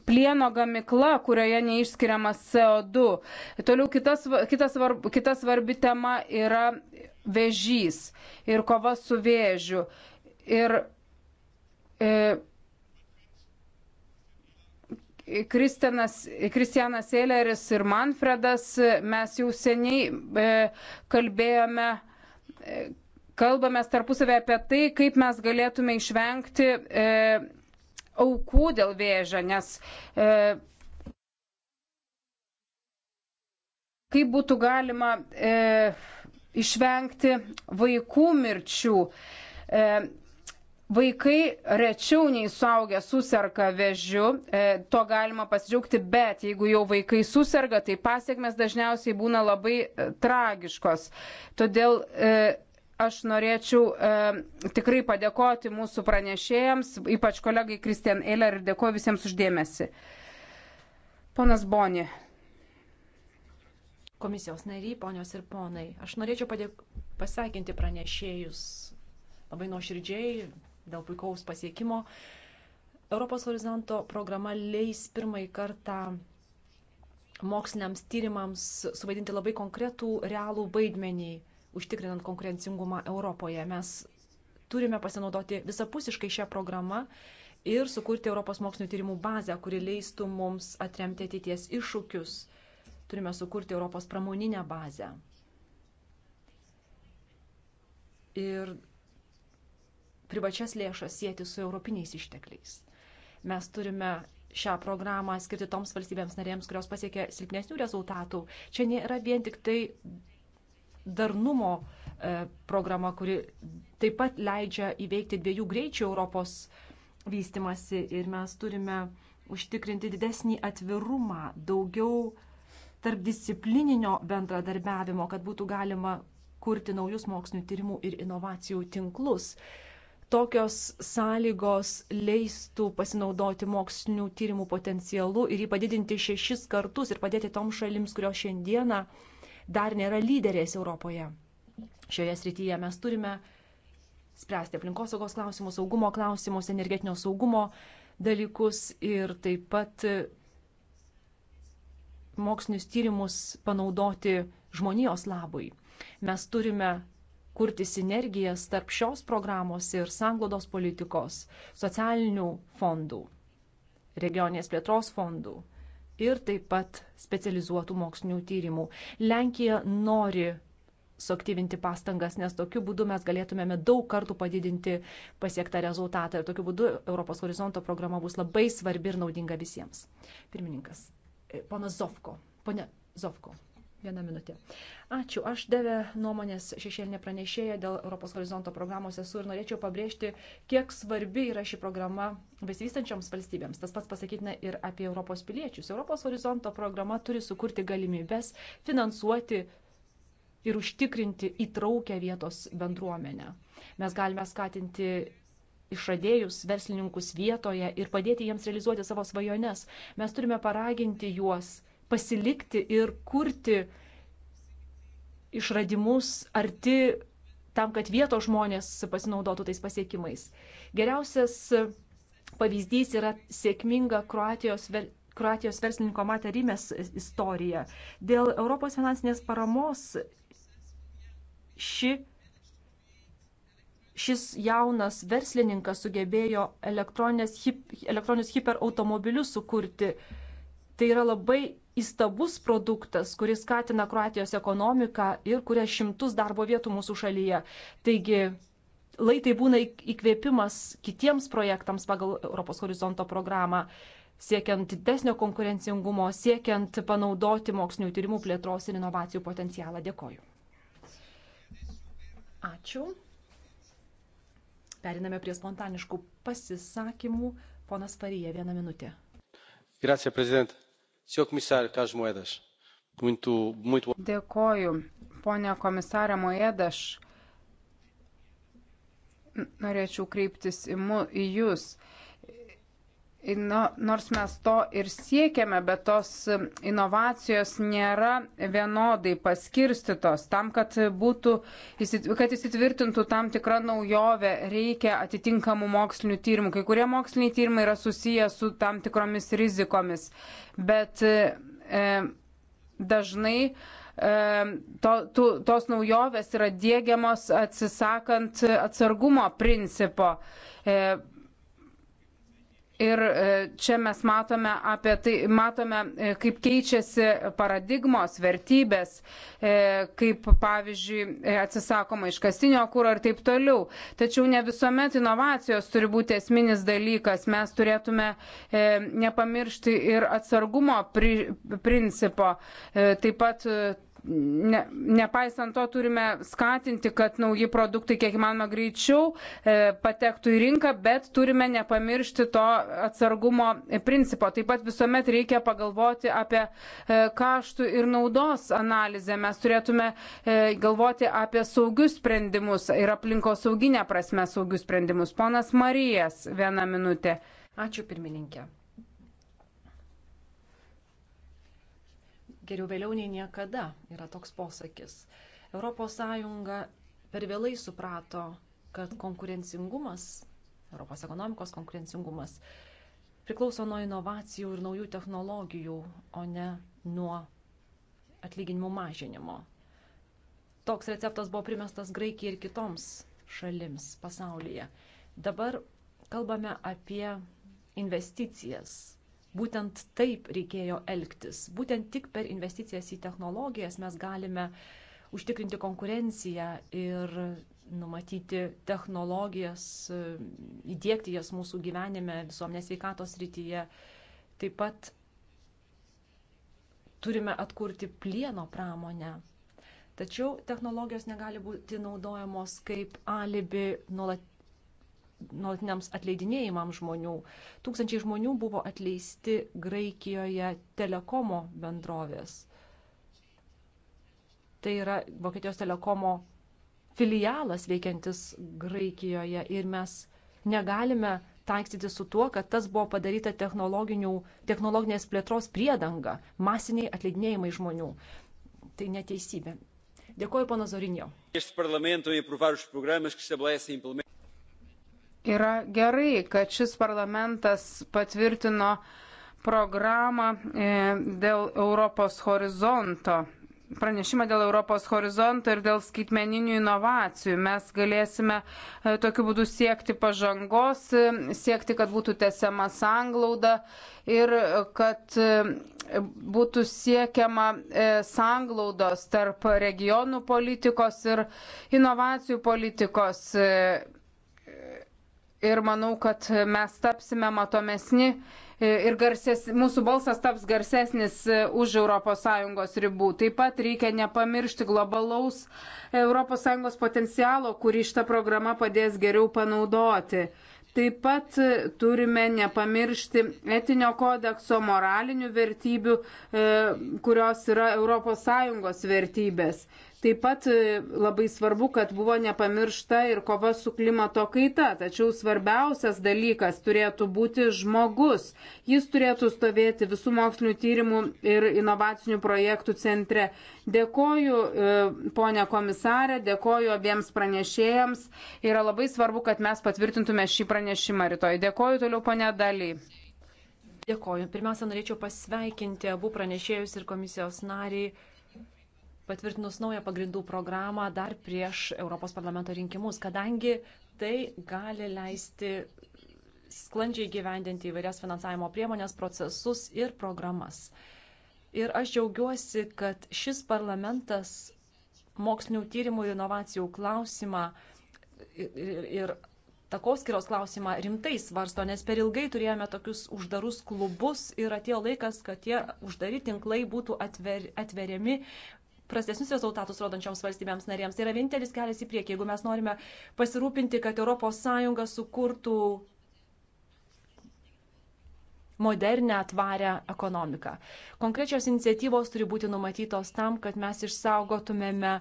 Speaker 2: plieno gamikla, kurioje neišskiriamas CO2. Toliau kitas, kitas, svarb, kitas svarbi tema yra vėžys ir kova su vėžiu. Ir e, Kristianas, Kristianas Eileris ir Manfredas, mes jau seniai e, kalbėjome, e, kalbame tarpusavę apie tai, kaip mes galėtume išvengti e, aukų dėl vėžio, nes e, kaip būtų galima e, išvengti vaikų mirčių. E, Vaikai rečiau nei suaugę susirga vėžiu, e, to galima pasidžiaugti, bet jeigu jau vaikai susirga, tai pasiekmes dažniausiai būna labai e, tragiškos. Todėl e, aš norėčiau e, tikrai padėkoti mūsų pranešėjams, ypač kolegai Kristian Eiler ir dėkoju visiems uždėmesi. Ponas Boni.
Speaker 3: Komisijos nariai, ponios ir ponai, aš norėčiau padėk... pasakinti pranešėjus labai nuoširdžiai dėl puikaus pasiekimo. Europos horizonto programa leis pirmąjį kartą moksliniams tyrimams suvaidinti labai konkretų realų vaidmenį užtikrinant konkurencingumą Europoje. Mes turime pasinaudoti visapusiškai šią programą ir sukurti Europos mokslinio tyrimų bazę, kuri leistų mums atremti ateities iššūkius. Turime sukurti Europos pramoninę bazę. Ir privačias lėšas sieti su europiniais ištekliais. Mes turime šią programą skirti toms valstybėms narėms, kurios pasiekė silpnesnių rezultatų. Čia nėra vien tik tai darnumo e, programa, kuri taip pat leidžia įveikti dviejų greičių Europos vystimasi ir mes turime užtikrinti didesnį atvirumą, daugiau tarp disciplininio bendradarbiavimo, kad būtų galima kurti naujus mokslinių tyrimų ir inovacijų tinklus. Tokios sąlygos leistų pasinaudoti mokslinių tyrimų potencialu ir jį padidinti šešis kartus ir padėti toms šalims, kurios šiandieną uh, dar nėra lyderės Europoje. Šioje srityje mes turime spręsti aplinkosaugos klausimus, saugumo klausimus, energetinio saugumo dalykus ir taip pat mokslinius tyrimus panaudoti žmonijos labui. Mes turime kurti sinergijas tarp šios programos ir sanglodos politikos, socialinių fondų, regioninės plėtros fondų ir taip pat specializuotų mokslinių tyrimų. Lenkija nori suaktyvinti pastangas, nes tokiu būdu mes galėtumėme daug kartų padidinti pasiektą rezultatą ir tokiu būdu Europos horizonto programa bus labai svarbi ir naudinga visiems. Pirmininkas, e, ponas Zovko, ponė Zovko. Viena minutė. Ačiū. Aš devę nuomonės šešėlinė pranešėja dėl Europos horizonto programos esu ir norėčiau pabrėžti, kiek svarbi yra ši programa besivystančioms valstybėms. Tas pats pasakytina ir apie Europos piliečius. Europos horizonto programa turi sukurti galimybės finansuoti ir užtikrinti įtraukę vietos bendruomenę. Mes galime skatinti išradėjus verslininkus vietoje ir padėti jiems realizuoti savo svajones. Mes turime paraginti juos pasilikti ir kurti išradimus arti tam, kad vietos žmonės pasinaudotų tais pasiekimais. Geriausias pavyzdys yra sėkminga Kroatijos, ver, Kroatijos verslininko Mate Rimes istorija. Dėl Europos finansinės paramos ši, šis jaunas verslininkas sugebėjo elektroninius hiperautomobilius sukurti. Uh, Tai yra labai įstabus produktas, kuris skatina Kroatijos ekonomiką ir kuria šimtus darbo vietų mūsų šalyje. Taigi, laitai būna įkvėpimas kitiems projektams pagal Europos horizonto programą, siekiant didesnio konkurencingumo, siekiant panaudoti mokslinių tyrimų plėtros ir inovacijų potencialą. Dėkoju. Ačiū. Periname prie spontaniškų pasisakymų. Ponas Paryje, vieną minutę.
Speaker 2: Grazie, prezidentė. Dėkoju, ponė komisarė Moedaš. Norėčiau kreiptis į, mu, į jūs. Nors mes to ir siekiame, bet tos inovacijos nėra vienodai paskirstytos. Tam, kad, būtų, kad įsitvirtintų tam tikra naujovė, reikia atitinkamų mokslinių tyrimų. Kai kurie moksliniai tyrimai yra susiję su tam tikromis rizikomis, bet e, dažnai e, to, tu, tos naujovės yra dėgiamos atsisakant atsargumo principo. E, Ir e, čia mes matome apie tai, matome, e, kaip keičiasi paradigmos, vertybės, e, kaip pavyzdžiui atsisakoma iškastinio kūro ir taip toliau. Tačiau ne visuomet inovacijos turi būti esminis dalykas. Mes turėtume nepamiršti ir atsargumo principo. Taip pat ne, nepaisant to turime skatinti, kad nauji produktai kiek įmanoma greičiau e, patektų į rinką, bet turime nepamiršti to atsargumo principo. Taip pat visuomet reikia pagalvoti apie e, kaštų ir naudos analizę. Mes turėtume e, galvoti apie saugius sprendimus ir aplinkos sauginę prasme saugius sprendimus. Ponas Marijas, vieną minutę. Ačiū pirmininkė. geriau vėliau nei niekada yra toks posakis.
Speaker 3: ES per vėlai suprato, kad konkurencingumas, Europos ekonomikos konkurencingumas priklauso nuo inovacijų ir naujų technologijų, o ne nuo atlyginimų mažinimo. Toks receptas buvo primestas Graikijai ir kitoms šalims pasaulyje. Dabar kalbame apie investicijas Būtent taip reikėjo elgtis. Būtent tik per investicijas į technologijas mes galime užtikrinti konkurenciją ir numatyti technologijas, įdėkti jas mūsų gyvenime, visuomenės veikatos rytyje. Taip pat turime atkurti plieno pramonę. Tačiau technologijos negali būti naudojamos kaip alibi nuolat nuolatiniams atleidinėjimams žmonių. Tūkstančiai žmonių buvo atleisti Graikijoje telekomo bendrovės. Tai yra Vokietijos telekomo filialas veikiantis Graikijoje ir mes negalime taikstyti su tuo, kad tas buvo padaryta technologinės plėtros priedanga, masiniai atleidinėjimai žmonių. Tai neteisybė.
Speaker 2: Dėkuoju, pana Zorinio yra gerai, kad šis parlamentas patvirtino programą e, dėl Europos horizonto. Pranešimą dėl Europos horizonto ir dėl skaitmeninių inovacijų. Mes galėsime e, tokiu būdu siekti pažangos, e, siekti, kad būtų tesiama sanglauda ir kad būtų siekiama sanglaudos tarp regionų politikos ir inovacijų politikos ir manau, kad mes tapsime matomesni ir garses, mūsų balsas taps garsesnis už ES ribų. Taip pat reikia nepamiršti globalaus ES potencialo, kurį šita programa padės geriau panaudoti. Taip pat turime nepamiršti etinio kodekso, moralinių vertybių, e, kurios yra ES vertybės. Taip pat e, labai svarbu, kad buvo nepamiršta ir kova su klimato kaita, tačiau svarbiausias dalykas turėtų būti žmogus. Jis turėtų stovėti visų mokslinių tyrimų ir inovacinių projektų centre. Dėkoju, e, ponė komisarė, dėkoju abiems pranešėjams. Yra labai svarbu, kad mes patvirtintume šį pranešimą rytoj. Dėkoju toliau, ponė Daliai.
Speaker 3: Dėkoju. Pirmiausia, norėčiau pasveikinti abu pranešėjus ir komisijos nariai patvirtinus naują pagrindų programą dar prieš Europos parlamento rinkimus, kadangi tai gali leisti sklandžiai gyvendinti įvairias finansavimo priemonės, procesus ir programas. Ir aš džiaugiuosi, kad šis parlamentas mokslinių tyrimų ir inovacijų klausimą ir, ir takoskiros klausimą rimtai svarsto, nes per ilgai turėjome tokius uždarus klubus ir atėjo laikas, kad tie uždari tinklai būtų atver, atveriami prastesnius rezultatus rodančioms valstybėms narėms. Tai yra vienintelis kelias į priekį, jeigu mes norime pasirūpinti, kad ES sukurtų modernę, tvarę ekonomiką. Konkrečios iniciatyvos turi būti numatytos tam, kad mes išsaugotumėme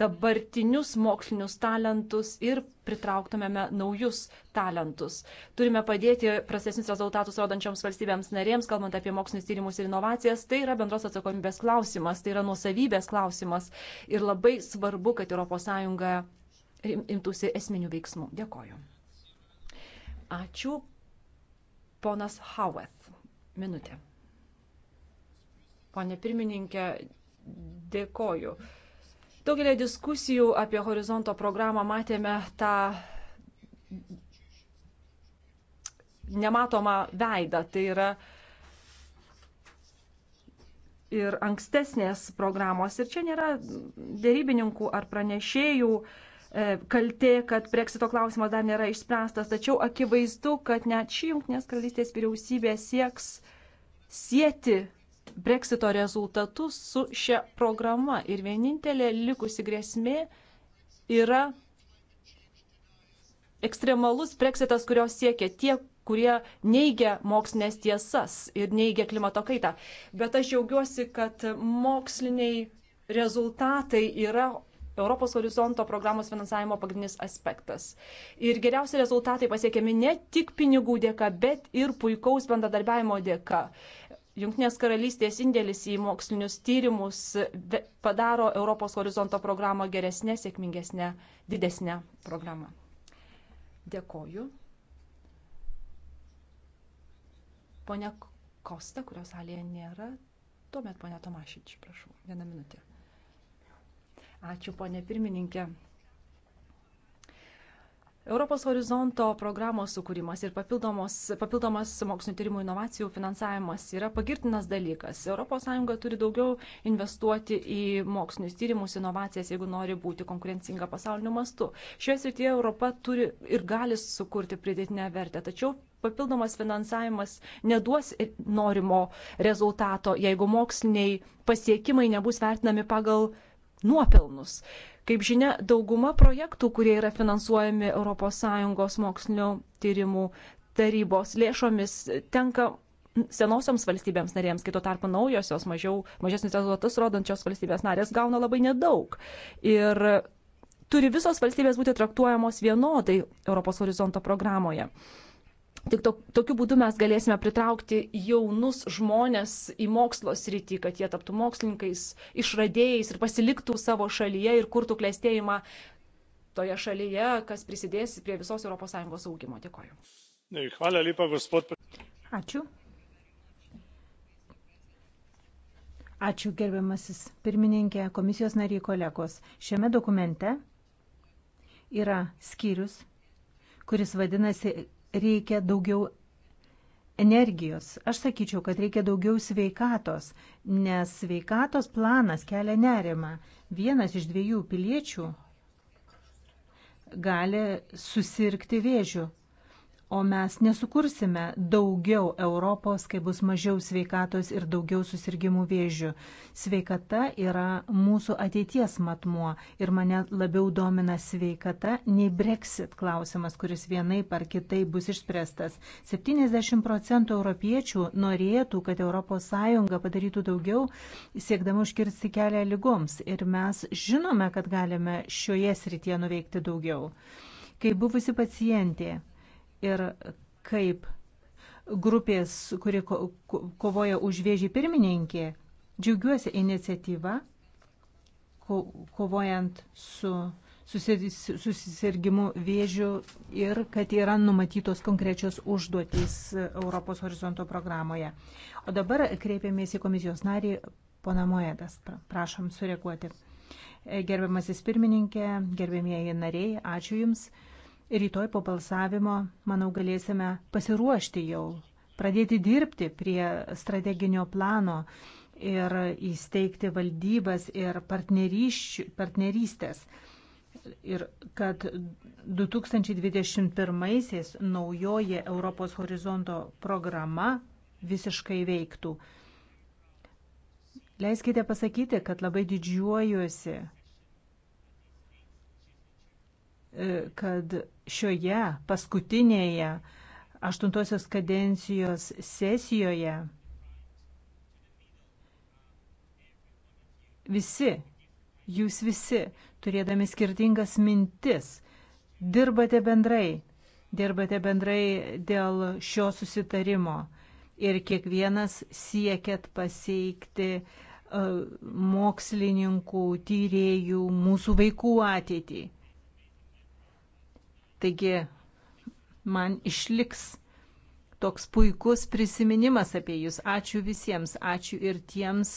Speaker 3: dabartinius mokslinius talentus ir pritrauktumėme naujus talentus. Turime padėti prastesnius rezultatus rodančioms valstybėms narėms, kalbant apie mokslinius tyrimus ir inovacijas. Tai yra bendros atsakomybės klausimas, tai yra nuosavybės klausimas ir labai svarbu, kad ES imtųsi esminių veiksmų. Dėkoju. Ačiū. Ponas Howeth. Minutė. Pone pirmininkė, dėkoju. Daugelį diskusijų apie horizonto programą matėme tą nematomą veidą. Tai yra ir ankstesnės programos. Ir čia nėra dėrybininkų ar pranešėjų e, kaltė, kad breksito klausimas dar nėra išspręstas, tačiau akivaizdu, kad net ši jungtinės karalystės vyriausybė sieks sieti breksito rezultatus su šia programa. Ir vienintelė likusi grėsmė yra ekstremalus breksitas, kurio siekia tie, kurie neigia mokslinės tiesas ir neigia klimato kaitą. Bet aš džiaugiuosi, kad moksliniai rezultatai yra Europos horizonto programos finansavimo pagrindinis aspektas. Ir geriausi rezultatai pasiekiami ne tik pinigų dėka, bet ir puikaus bendradarbiavimo dėka. Junktinės karalystės indėlis į mokslinius tyrimus padaro Europos horizonto programą geresnę, sėkmingesnę, didesnę programą. Dėkoju. Pone Kosta, kurios salėje nėra, tuomet pone Tomašič, prašau, vieną minutę. Ačiū, ponė pirmininkė. Europos horizonto programos sukūrimas ir papildomas, papildomas mokslinio tyrimų inovacijų finansavimas yra pagirtinas dalykas. ES turi daugiau investuoti į mokslinius tyrimus, inovacijas, jeigu nori būti konkurencinga pasauliniu mastu. Šioje srityje Europa turi ir gali sukurti pridėtinę vertę, tačiau papildomas finansavimas neduos norimo rezultato, jeigu moksliniai pasiekimai nebus vertinami pagal nuopelnus. Kaip žinia, dauguma projektų, kurie yra finansuojami ES mokslinio tyrimų tarybos lėšomis, tenka senosioms valstybėms narėms, kai tuo tarpu naujosios, mažiau, mažesnius rezultatus rodančios valstybės narės gauna labai nedaug. Ir turi visos valstybės būti traktuojamos vienodai Europos horizonto programoje. Tik to, tokiu būdu mes galėsime pritraukti jaunus žmonės į mokslo sritį, kad jie taptų mokslininkais, išradėjais ir pasiliktų savo šalyje ir kurtų klėstėjimą toje šalyje, kas prisidės prie visos ES
Speaker 2: augimo. Dėkoju.
Speaker 1: Ačiū. Ačiū gerbiamasis pirmininkė, komisijos nariai kolegos. Šiame dokumente yra skyrius, kuris vadinasi reikia daugiau energijos. Aš sakyčiau, kad reikia daugiau sveikatos, nes sveikatos planas kelia nerimą. Vienas iš dviejų piliečių gali susirgti vėžiu. O mes nesukursime daugiau Europos, kai bus mažiau sveikatos ir daugiau susirgymų vėžių. Sveikata yra mūsų ateities matmuo ir mane labiau domina sveikata nei Brexit klausimas, kuris vienai par kitai bus išspręstas. 70 procentų europiečių norėtų, kad ES padarytų daugiau, siekdama užkirsti kelią lygoms. Ir mes žinome, kad galime šioje srityje nuveikti daugiau. Kai buvusi pacientė ir kaip grupės, kuri kovoja už vėžį pirmininkė, džiaugiuosi iniciatyva kovojant su susisirgimu vėžiu ir kad yra numatytos konkrečios užduotys Europos horizonto programoje. O dabar kreipiamės į komisijos narį poną Moedas. Prašom sureaguoti. Gerbiamasis pirmininkė, gerbėmieji nariai, ačiū Jums rytoj po balsavimo, manau, galėsime pasiruošti jau, pradėti dirbti prie strateginio plano ir įsteigti valdybas ir partnerystės. Ir kad 2021-aisiais naujoji Europos horizonto programa visiškai veiktų. Leiskite pasakyti, kad labai didžiuojuosi E, kad šioje paskutinėje aštuntosios kadencijos sesijoje visi, jūs visi, turėdami skirtingas mintis, dirbate bendrai, dirbate bendrai dėl šio susitarimo ir kiekvienas siekėt pasiekti e, mokslininkų, tyriejų, mūsų vaikų ateitį. Taigi man išliks toks puikus prisiminimas apie jūs. Ačiū visiems, ačiū ir tiems,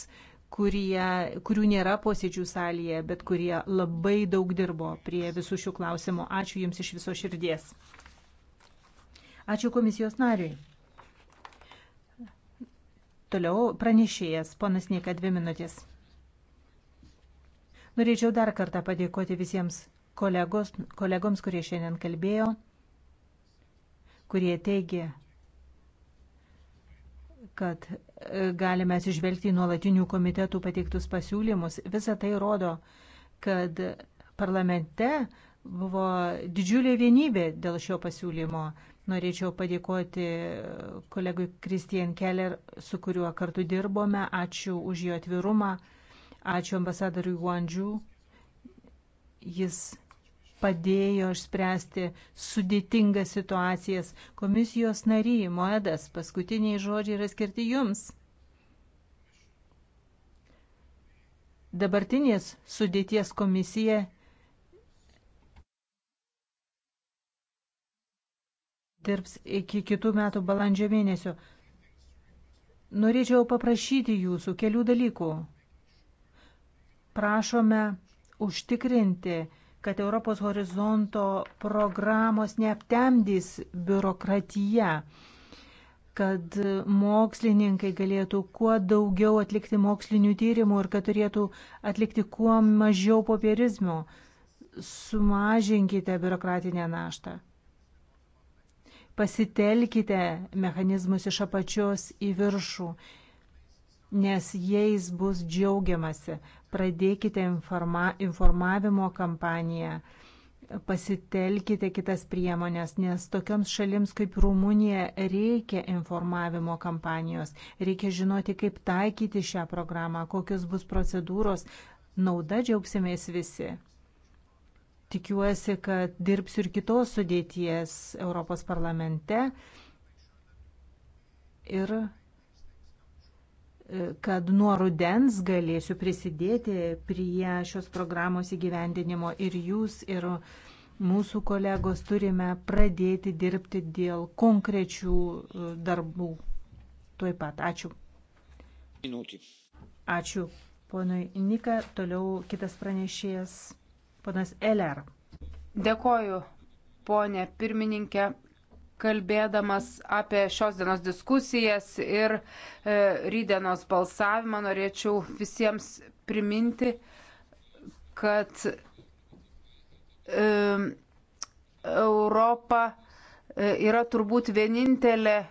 Speaker 1: kurie, kurių nėra posėdžių salėje, bet kurie labai daug dirbo prie visų šių klausimų. Ačiū jums iš viso širdies. Ačiū komisijos nariui. Toliau pranešėjas, ponas Nika, dvi minutės. Norėčiau dar kartą padėkoti visiems kolegos, kolegoms, kurie šiandien kalbėjo, kurie teigė, kad e, galime atsižvelgti į nuolatinių komitetų pateiktus pasiūlymus. Visa tai rodo, kad parlamente buvo didžiulė vienybė dėl šio pasiūlymo. Norėčiau padėkoti kolegui Kristijan Keller, su kuriuo kartu dirbome. Ačiū už jo atvirumą. Ačiū ambasadoriui Guandžiu. Jis padėjo išspręsti sudėtingas situacijas. Komisijos nariai, Moedas, paskutiniai žodžiai yra skirti jums. Dabartinės sudėties komisija dirbs iki kitų metų balandžio mėnesio. Norėčiau paprašyti jūsų kelių dalykų. Prašome užtikrinti, kad Europos horizonto programos neaptemdys biurokratija, kad mokslininkai galėtų kuo daugiau atlikti mokslinių tyrimų ir kad turėtų atlikti kuo mažiau popierizmo. Sumažinkite biurokratinę naštą. Pasitelkite mechanizmus iš apačios į viršų, nes jais bus džiaugiamasi pradėkite informa, informavimo kampaniją, pasitelkite kitas priemonės, nes tokioms šalims kaip Rumunija reikia informavimo kampanijos, reikia žinoti, kaip taikyti šią programą, kokios bus procedūros, nauda džiaugsimės visi. Tikiuosi, kad dirbsiu ir kitos sudėties Europos parlamente ir kad nuo rudens galėsiu prisidėti prie šios programos įgyvendinimo ir jūs ir mūsų kolegos turime pradėti dirbti dėl konkrečių e, darbų. Tuoj pat. Ačiū. Minutį. Ačiū. Ponui Nika, toliau kitas pranešėjas,
Speaker 2: ponas Eler. Dėkoju, ponė pirmininkė kalbėdamas apie šios dienos diskusijas ir e, rydienos balsavimą, norėčiau visiems priminti, kad e, Europa e, yra turbūt vienintelė e,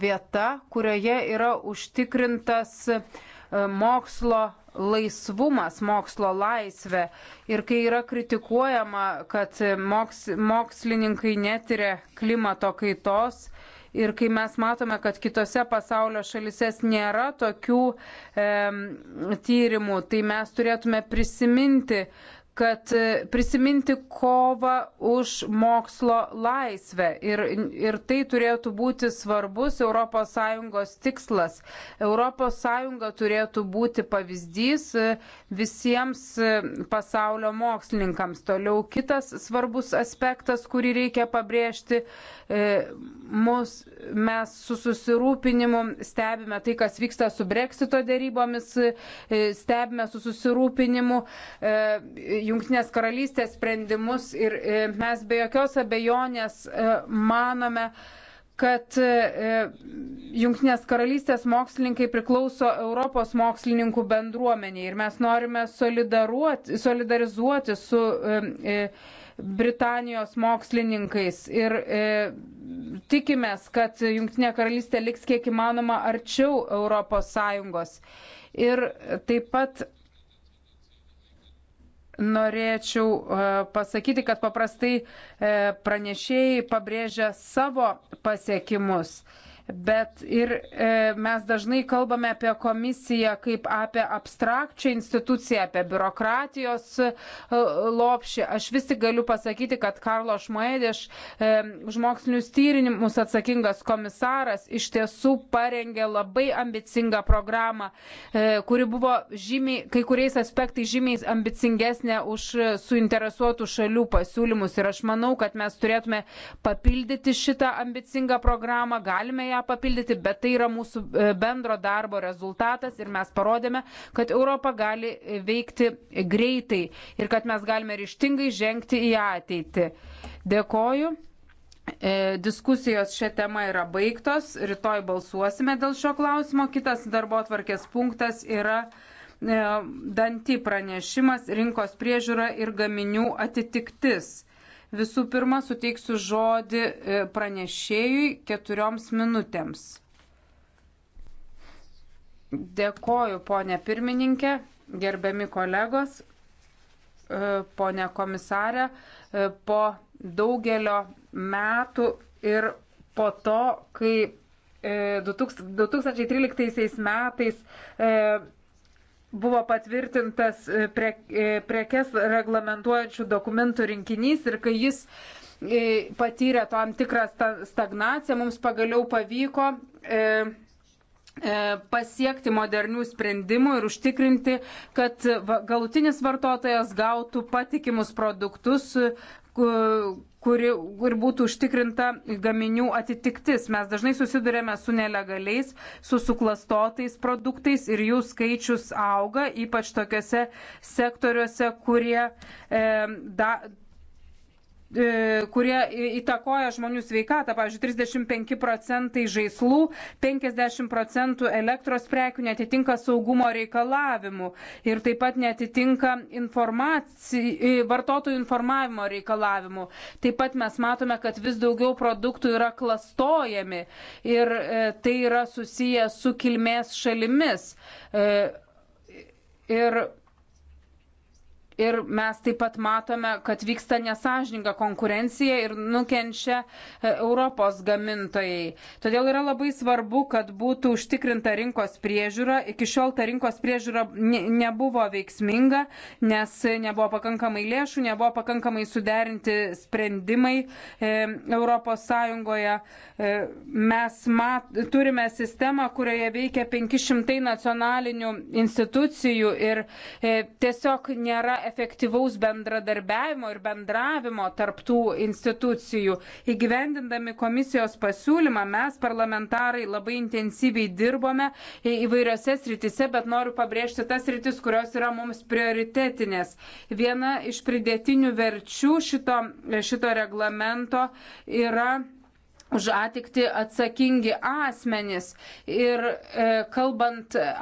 Speaker 2: vieta, kurioje yra užtikrintas e, mokslo laisvumas, mokslo laisvė. Ir kai yra kritikuojama, kad moks, mokslininkai netiria klimato kaitos, Ir kai mes matome, kad kitose pasaulio šalise nėra tokių e, tyrimų, tai mes turėtume prisiminti, kad e, prisiminti kovą už mokslo laisvę. Ir, ir tai turėtų būti svarbus ES tikslas. ES turėtų būti pavyzdys e, visiems e, pasaulio mokslininkams. Toliau kitas svarbus aspektas, kurį reikia pabrėžti, mus, mes su susirūpinimu stebime tai, kas vyksta su breksito dėrybomis, stebime su susirūpinimu Junktinės karalystės sprendimus ir e, mes be jokios abejonės e, manome, kad e, Junktinės karalystės mokslininkai priklauso Europos mokslininkų bendruomeniai ir mes norime solidarizuoti su Britanijos mokslininkais ir e, tikimės, kad Junktinė karalystė liks kiek įmanoma arčiau Europos Sąjungos. Ir taip pat norėčiau e, pasakyti, kad paprastai e, pranešėjai pabrėžia savo pasiekimus. Bet ir e, mes dažnai kalbame apie komisiją kaip apie abstrakčią instituciją, apie biurokratijos e, lopšį. Aš vis tik galiu pasakyti, kad Karlo Šmaedėš, e, už mokslinius tyrinimus atsakingas komisaras, iš tiesų parengė labai ambicingą programą, e, kuri buvo žymiai, kai kuriais aspektais žymiai ambicingesnė už suinteresuotų šalių pasiūlymus. Ir aš manau, kad mes turėtume papildyti šitą ambicingą programą, galime ją ją papildyti, bet tai yra mūsų e, bendro darbo rezultatas ir mes parodėme, kad Europa gali e, veikti greitai ir kad mes galime ryštingai žengti į ateitį. Dėkoju. E, diskusijos šią temą yra baigtos, rytoj balsuosime dėl šio klausimo. Kitas darbo atvarkės punktas yra Dantį pranešimas rinkos priežiūra ir gaminių atitiktis. Visų pirma, suteiksiu žodį e, pranešėjui keturioms minutėms. Dėkoju, ponė pirmininkė, gerbiami kolegos, e, ponė komisarė, e, po daugelio metų ir po to, kai 2013 metais buvo patvirtintas e, pre, e, prekes reglamentuojančių dokumentų rinkinys ir kai jis e, patyrė tam tikrą stagnaciją, mums pagaliau pavyko pasiekti modernių sprendimų ir užtikrinti, kad galutinis vartotojas gautų patikimus produktus, kuri ir būtų užtikrinta gaminių atitiktis. Mes dažnai susidurėme su nelegaliais, su suklastotais produktais ir jų skaičius auga, ypač tokiuose sektoriuose, kurie e, da, E, kurie įtakoja žmonių sveikatą. Pavyzdžiui, 35 procentai žaislų, 50 procentų elektros prekių netitinka saugumo reikalavimų ir taip pat netitinka informacijų, e, vartotojų informavimo reikalavimų. Taip pat mes matome, kad vis daugiau produktų yra klastojami ir e, tai yra susiję su kilmės šalimis. Ir Ir mes taip pat matome, kad vyksta nesažininga konkurencija ir nukenčia e, Europos gamintojai. Todėl yra labai svarbu, kad būtų užtikrinta rinkos priežiūra. Iki šiol ta rinkos priežiūra nebuvo veiksminga, nes nebuvo pakankamai lėšų, nebuvo pakankamai suderinti sprendimai e, Europos Sąjungoje. E, mes mat, turime sistemą, kurioje veikia 500 nacionalinių institucijų ir tiesiog nėra efektyvaus bendradarbiavimo ir bendravimo tarptų institucijų. Įgyvendindami komisijos pasiūlymą mes parlamentarai labai intensyviai dirbome įvairiose sritise, bet noriu pabrėžti tas sritis, kurios yra mums prioritetinės. Viena iš pridėtinių verčių šito, šito reglamento yra už atikti atsakingi asmenys. Ir e, kalbant